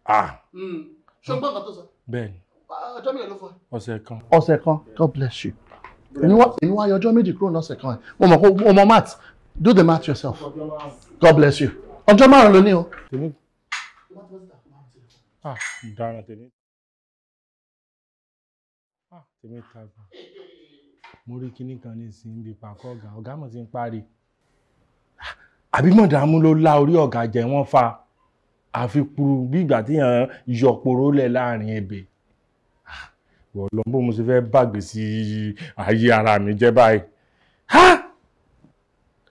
Ah! Hmm. ṣùgbọ́n kan tó sọ. bẹ́ẹ̀ni ọjọ́ mélòó ló fọ. ọ̀sẹ̀ kan. ọ̀sẹ̀ kan god bless you. èmi wá yọjọ́ méjì kúrò lọ́sẹ̀ kan ẹ̀ mo mọ̀ mo mọ̀ math do the math yourself god bless you. ọjọ́ márùn-ún ló ní o. tèmi ah dára ah tèmi ta gan mo rí kinní kan ní ìsìn bíi pàkọ́ ọ̀gá ọ̀gá mo ti ń parí àbí mọ̀dàmú ló lá orí ọ̀gá jẹ wọ́n fa àfikún bí ìgbà tíyàn yọ̀pọ̀rọ̀ lẹ̀ láàrin ebè wọ́n bó mo ṣe fẹ́ bàgbé sí ayé ara mi jẹ́ báyìí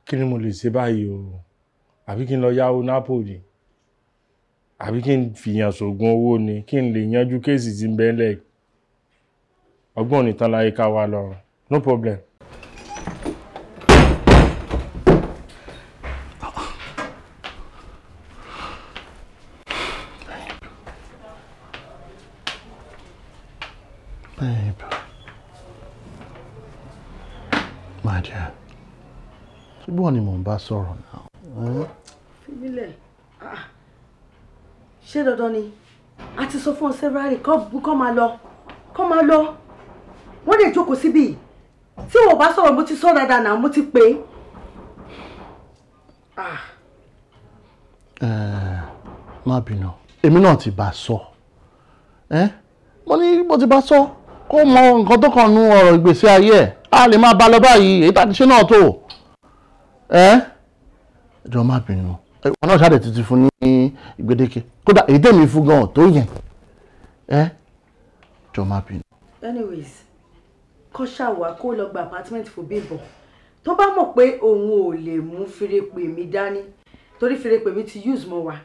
kí ni mo lè ṣe báyìí o àbí kí n lọ yáwó Napoli àbí kí n fìyàn ṣògùn owó ni kí n lè yanjú kéèsì tí ń bẹ́ẹ̀ lẹ̀ ọgbọ́n nìtan láyé ká wa lọ no problem. ń bá sọ̀rọ̀ náà. fìbílẹ̀ ah, ṣé dandan ni a ti sọ fún ọ sẹ́fúrárì kọ́ máa lọ kọ́ máa lọ wọ́n lè jókòó síbí tí wọ́n bá sọ̀rọ̀ mo ti sọ dáadáa náà mo ti pè é. Ah. má bínú èmi náà ti bá a sọ mo ní mo ti bá a sọ kó mọ nǹkan tó kàn nu ọ̀rọ̀ ìgbésí ayé ẹ̀ a lè máa bá lọ báyìí èyí tá a ti ṣe náà tó jọ má bínú wọn náà ṣáàdẹ̀ tuntun fún ní gbèdéke kódà èyí tẹ̀mí fún gan tó yẹn jọ má bínú. anyways kọ́ ṣàwà kó lọ gba apartment fún bíbọ̀ tó bá mọ̀ pé òun ò lè mú fèrèpè mi dání torí fèrèpè mi ti use mọ́ wa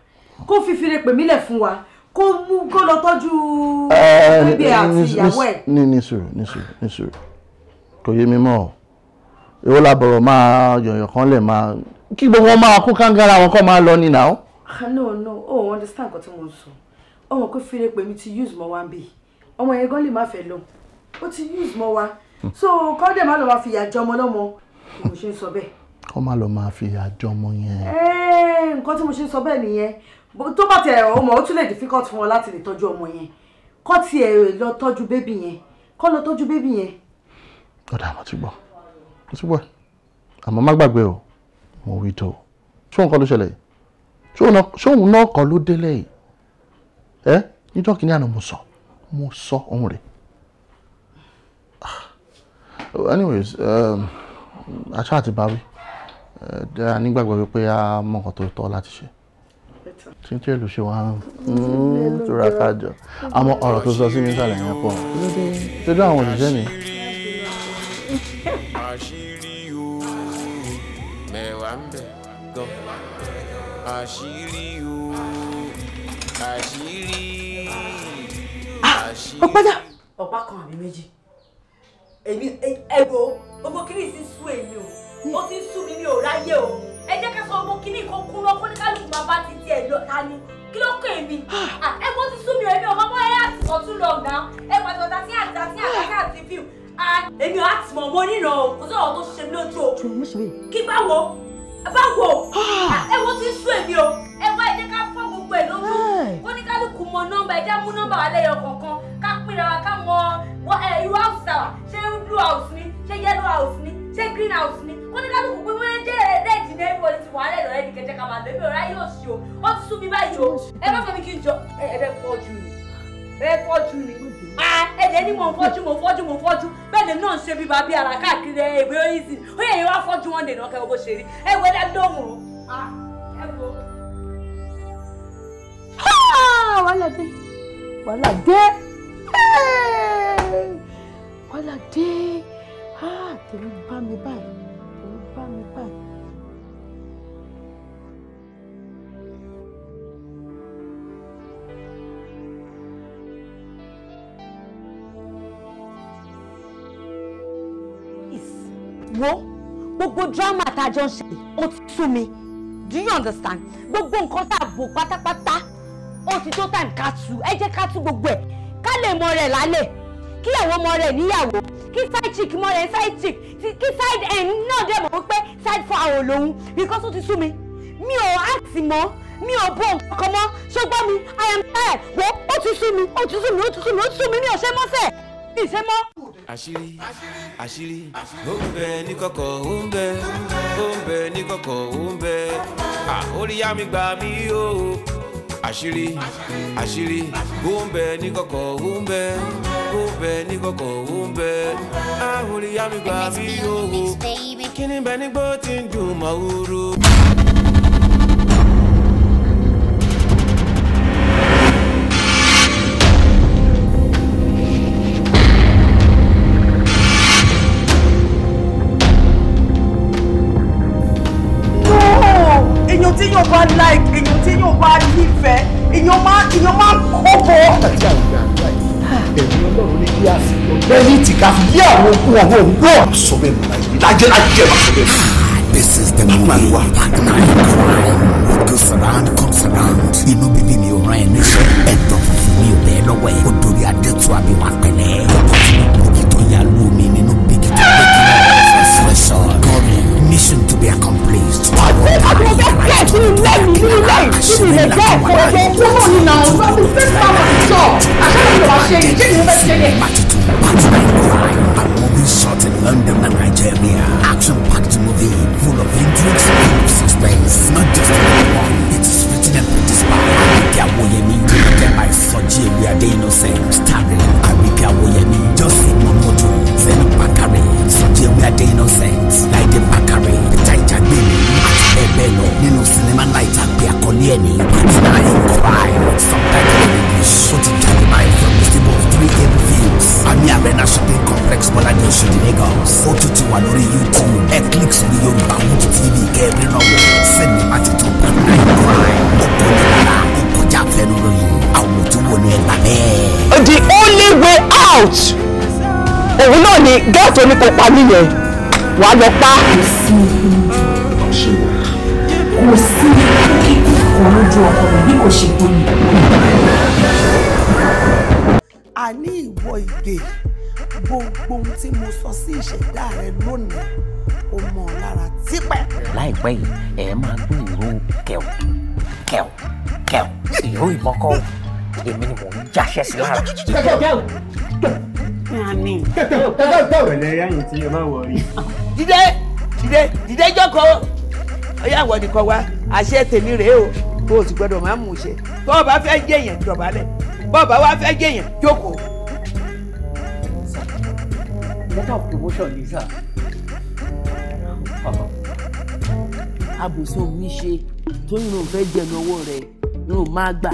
kó fi fèrèpè mi lẹ̀ fún wa kó mú kó lọ tọ́jú ẹgbẹ́ àti ìyàwó ẹ̀. ní ní sùúrù ní sùúrù ní sùúrù kò yé mi mọ́ ọ́ èwo labọ̀rọ̀ máa yọ̀yọ̀ kan lẹ̀ máa kí gbogbo wọn máa kó kángára wọn kọ́ máa lọ ní nà ó. no no o oh, understand nǹkan tí mo ń sọ ọmọ pé fèrè pèmí ti use mọ wa ń ọmọ yẹn gan lè má fẹ́ lọ ó ti use mọ wa so kọ́ dẹ̀ má lọ máa fìyà jẹ ọmọ lọ́mọ bí mo ṣe ń sọ bẹ́ẹ̀. kọ́ má lọ máa fìyà jẹ ọmọ yẹn. Eh, nǹkan tí mo ṣe ń sọ bẹ́ẹ̀ nìyẹn tó bá tiẹ̀ ọmọ ó tún lè difficult fún wọn láti lè tọ́jú ọmọ yẹn kọ́ tiẹ̀ lọ tọ́jú bébì yẹn kọ́ lọ tọ́jú bébì yẹn. ọ̀dà mo ti gbọ́ tó sígbọ́ àmọ́ má gbàgbé o mo wí tó ṣóun kọ́ ló ṣẹlẹ̀ yìí ṣóun náà kọ́ ló délé yìí ẹ níjọ́ kìíní àná mo sọ mo sọ ohun rẹ̀ ah, anyways aṣá àti báwí a nígbàgbọ́ wípé a mọ nǹkan tó tọ́ láti ṣe tí n tí èlò ṣe wá hmm, tóra kájọ àmọ́ ọ̀rọ̀ tó sọ sí mi sàlẹ̀ yẹn pọ̀ tójú àwọn òṣìṣẹ́ mi. àṣírí o àṣírí ah, àṣírí. ọ̀pẹ́dà ọ̀pá kan àbí méjì èmi ẹ̀gbọ́ gbogbo kiri ti sú èmi o ó ti sú mi mi ò ráyè o ẹ jẹ́ ká sọ ọmọ kiri kan kú lọ kó ní kálukú máa bá ti tiẹ̀ lọ ta ni kí ló kọ èmi ah. ah, ẹ̀gbọ́ ti sú mi o èmi ò mọ́ bọ́ ẹ àti ọ̀tún lọ gbà ẹ pàtó ọ̀tá sí àti àti àti àti fíìmù èmi ò àti mọ̀ mo níran o kò sọ̀rọ̀ tó ṣe mí lójú o kí báwo báwo ah. ah, ẹ wo ti sún èmi o ẹ wá ẹjẹ ká fọ gbogbo ẹ lójú oníkálukú mọ nọ́mbà ẹjẹ mú nọ́mbà wa lẹ́yọ kọ̀ọ̀kan ká pínra wa ká mọ irú house tàwa ṣé blue house ni ṣé yellow house ni ṣé green house ni oníkálukú pé wọ́n jẹ́ rẹ́ẹ̀dì ní ẹ̀fọ́ ti wà lẹ́nu rẹ́ẹ̀dì kẹ̀jẹ́ ká máa lọ ẹ̀mí ọ̀rá yóò ṣe o ó ti sún mi báyìí o ẹ bá fẹ́ mi kí n jọ ẹ ẹ bẹ fọ́ ju ni ẹ fọ́ ju ni ẹ̀jẹ̀ ah, ni mò ń fọ́jú mò ń fọ́jú mò ń fọ́jú bẹ́ẹ̀ lèmi náà ń ṣe bí bàbí ara káàkiri ìwé oríṣi ó yẹ yẹn wá fọ́jú wọn dènà ọkẹ́ owó ṣe rí ẹ wọ ẹdá lóhùn ah, ẹ wọ. Ah, wàhálà dé wàhálà dé wàhálà dé tèmi bá mi báyìí. wo gbogbo drama tá a jọ ń ṣe ó ti sú mi do you understand gbogbo nǹkan tá a bò pátápátá ó ti tó time ká tú ẹ jẹ́ ká tú gbogbo ẹ̀ ká lè mọ rẹ̀ lálẹ́ kí àwọn ọmọ rẹ̀ níyàwó kí side chick mọ rẹ̀ side chick kí side end náà dẹ̀ mọ̀ wípé side four àwọn lòun because ó ti sú mi mi ò àti mọ́ mi ò bọ nǹkan kan mọ́ ṣùgbọ́n mi i am tired wo ó ti sú mi ó ti sú mi ó ti sú mi ó ti sú mi mi ò ṣe mọ́ sẹ́ẹ̀ mi ì ṣe mọ́ àṣírí àṣírí ó ń bẹ ní kọ̀kọ̀ ó ń bẹ ó ń bẹ ní kọ̀kọ̀ ó ń mi gbà mí o àṣírí àṣírí ó ń bẹ ní kọ̀kọ̀ ó ń bẹ ó ń ní kọ̀kọ̀ ó ń mi gbà mí o kí ni bẹ nígbó tí ń dùn mọ́ wúru. àwọn òkú wọn bò wọ́. sọ bẹ́ẹ̀ mọ̀ láyé lájẹ́ lájẹ́ máa sọ bẹ́ẹ̀. this is the movie that goes around comes around inú bíbí mi ò rán ẹni sọ ẹ̀dọ̀ fún mi ò bẹ́ẹ̀ lọ́wọ́ ẹ̀ odori adétu abiwa pẹ̀lẹ́ ọkọ̀ tí mo gbòógì tó yà lù mí nínú bíkì tó gbé kí wọ́n fẹ́ fún ẹ̀ṣọ́ kọ́rin mission to be accomplished. ọ̀sẹ̀ àgbẹ̀ bẹ́ẹ̀ bẹ́ẹ̀ kí ni lẹ́yìn kí ni lẹ́yìn kí ni lè bẹ́ẹ̀ kọ̀ọ̀kẹ́ kúrò nínú àwọn ọ̀sán fún fẹ́ẹ́ fún àwọn find a movie shot in London and Nigeria. Action-packed movie full of intrigue, suspense. Not just one, it's written and produced by Abike Awoyemi, directed by Soji Ewiade Innocent, starring Abike Awoyemi, Joseph Momodu, Zeno Bakare, Soji Ewiade Innocent, Laide Bakare, Peter Ijagbemi bẹ́ẹ̀ lọ nínú sinimá náà ìtàgbé àkọlé ẹ̀ ní partner in crime subtitle in english ó ti jáde báyìí from the table of three able films àmì arena shopping complex bọ́lájì ọ̀ṣọ́dì lagos ó tún ti wà lórí youtube ẹ click yorùbá wood tv kẹ́ẹ̀rí náà wọ̀ titun partner in crime ó kọ́ ní rárá ó àwọn tó wọ ní ẹgbà bẹ́ẹ̀. the only way out òun náà ni gẹ́ẹ̀tì oníkópa nìyẹn wàá lọ pa. ṣe kò sí kò lójú ọkọ rẹ bí kò ṣe gbóyè. a ní ìwọ ìgbè gbogbo ohun tí mo sọ sí ìṣẹ̀dá rẹ lónìí ó mọ̀ ọ́ lára tipẹ́. láìpẹ́ yìí ẹ máa gbé ìró kẹ̀ọ̀ kẹ̀ọ̀ kẹ̀ọ̀ ìró ìmọ̀kọ́ èmi ni mò ń jáṣẹ́ sí lára. kẹ̀kẹ́ kẹ̀ọ̀ ni. tọ́tọ́ tọ́wẹ̀lẹ̀ yáyìn tí ẹ máa wọ̀ rí. dìde dìde dìde jókòó ọyá àwọn nìkan wá àṣẹ tèmi rèé o kó o sì gbọ́dọ̀ máa mú un ṣe tó o bá fẹ́ jẹ̀yàn dọ̀bálẹ̀ bó o bá wá fẹ́ jẹ̀yàn jókòó. letter of promotion ni sir abòsàn ah. mi ṣe tó yìí ló ń fẹ́ jẹnu ọwọ́ rẹ̀ ló máa gbà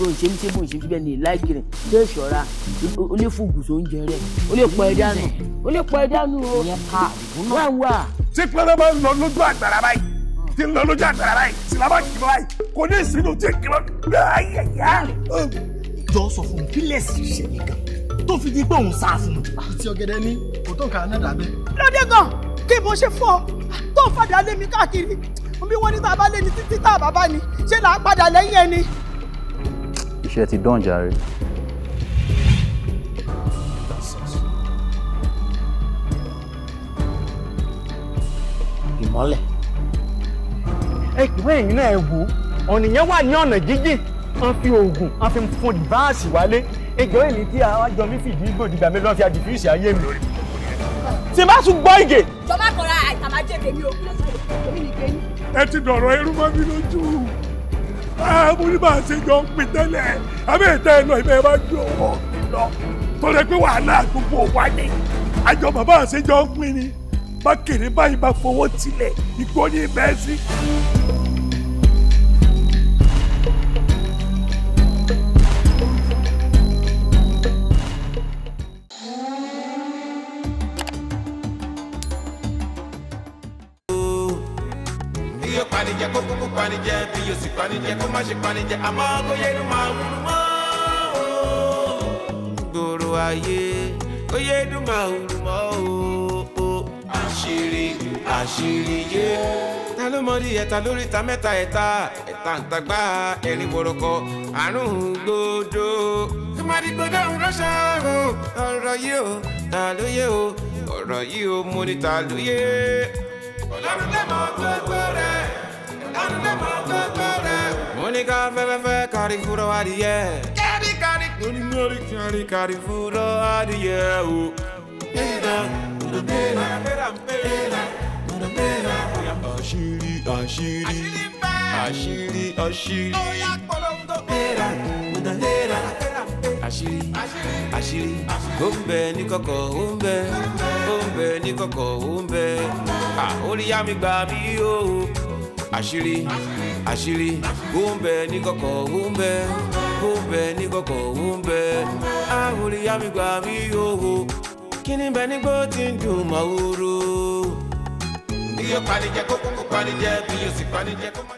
ló ń ṣe ní sébò ń ṣe fíbẹ̀ ní láìkì rẹ̀ tó ń ṣọ́ra ó lè fún gùsọ̀ oúnjẹ rẹ̀ ó lè pọ̀ ẹ́ dànù ó lè pọ̀ ẹ́ dànù o. ìyẹn pa àbùkù náà wà. ń lọ lójú àgbàrá báyìí ti lọ lójú àgbàrá báyìí sìlámà kì í bọ́ báyìí kò ní ìsinmi ò tí ì kí lọ. jọ sọ fún mi kí lẹ́sìn ìṣẹ̀lẹ̀ kan tó fi di pé òun sá fún un. àti ọ̀gẹ̀dẹ̀ ni kò tó nǹkan náà dàbẹ́. lóde gan kí mo ṣe fọ tó fàdà lé mi káàkiri bí wọ́n ní tá a bá lé ní títí tá a bá bá ní ṣé là á padà lẹ́yìn ẹni. iṣẹ́ ti dán jàre. ìmọ́lẹ̀ ẹgbẹ́ ẹ̀yin náà ẹ wò ó ọ̀nìyàn wà ní ọ̀nà jíjìn wọ́n fi oògùn wọ́n fi fún dìbáàsì wálé ẹjọ́ èmi tí àwọn àjọ mi fìdí gbòdìgbà mi lọ́n fi àdìfíìsì ayé mi. tí bá tún gbọ́ ìgè. jọba kọra àìtàmájẹ tèmi o ẹ ti dọ̀rọ̀ irú mọ́ mi lójú mo ní máa ṣe jọ ń pin tẹ́lẹ̀ àbẹ́ ìta ẹ̀ náà ìbẹ́ bá ju owó lọ tó pé wàhálà gbogbo wa ni àjọ bàbá àṣejọ ń pin ni mákèrè báyìí máa fọwọ́ tilẹ̀ ìgbó ní mẹ́sì. panijẹ kó kúkú panijẹ bí yóò sì panijẹ kó má ṣe panijẹ àmọ́ kó yẹnu máa wúlú mọ́ o. gbòòrò ayé kó yẹnu máa wúlú mọ́ o àṣírí àṣírí yé. ta ló mọ di ẹ̀ta lórí ta mẹ́ta ẹ̀ta ẹ̀ta ǹtagbá ẹ̀rín wọ̀rọ̀kọ àrùn gbòdò. ẹ má di gbòdò ń rọ́ṣà ọ̀rọ̀ yìí o ta ló yé o ọ̀rọ̀ yìí o mo ní ta ló yé. ọlọ́run lè mọ gbogbo rẹ̀ ọlọ́run lè mọ gbogbo rẹ̀. mo ní ká fẹ́fẹ́fẹ́ kárí fúrọ́ adìyẹ. kárí kárí. mo ní kárí kárí fúrọ́ adìyẹ o àṣírí àṣírí àṣírí àṣírí àṣírí àṣírí ó ń bẹ ní kọ̀kọ̀ ó ń bẹ ó ń bẹ ní kọ̀kọ̀ ó ń bẹ àóríyá mi gbà mí o àṣírí àṣírí ó ń bẹ ní kọ̀kọ̀ ó ń bẹ ó ń bẹ ní kọ̀kọ̀ ó ń bẹ àóríyá mi gbà mí o kí ni bẹ́ẹ̀ nígbó tí ń dùn mọ́ wúru. bí yóò parí kó kúkú bí yóò sì parí kó má.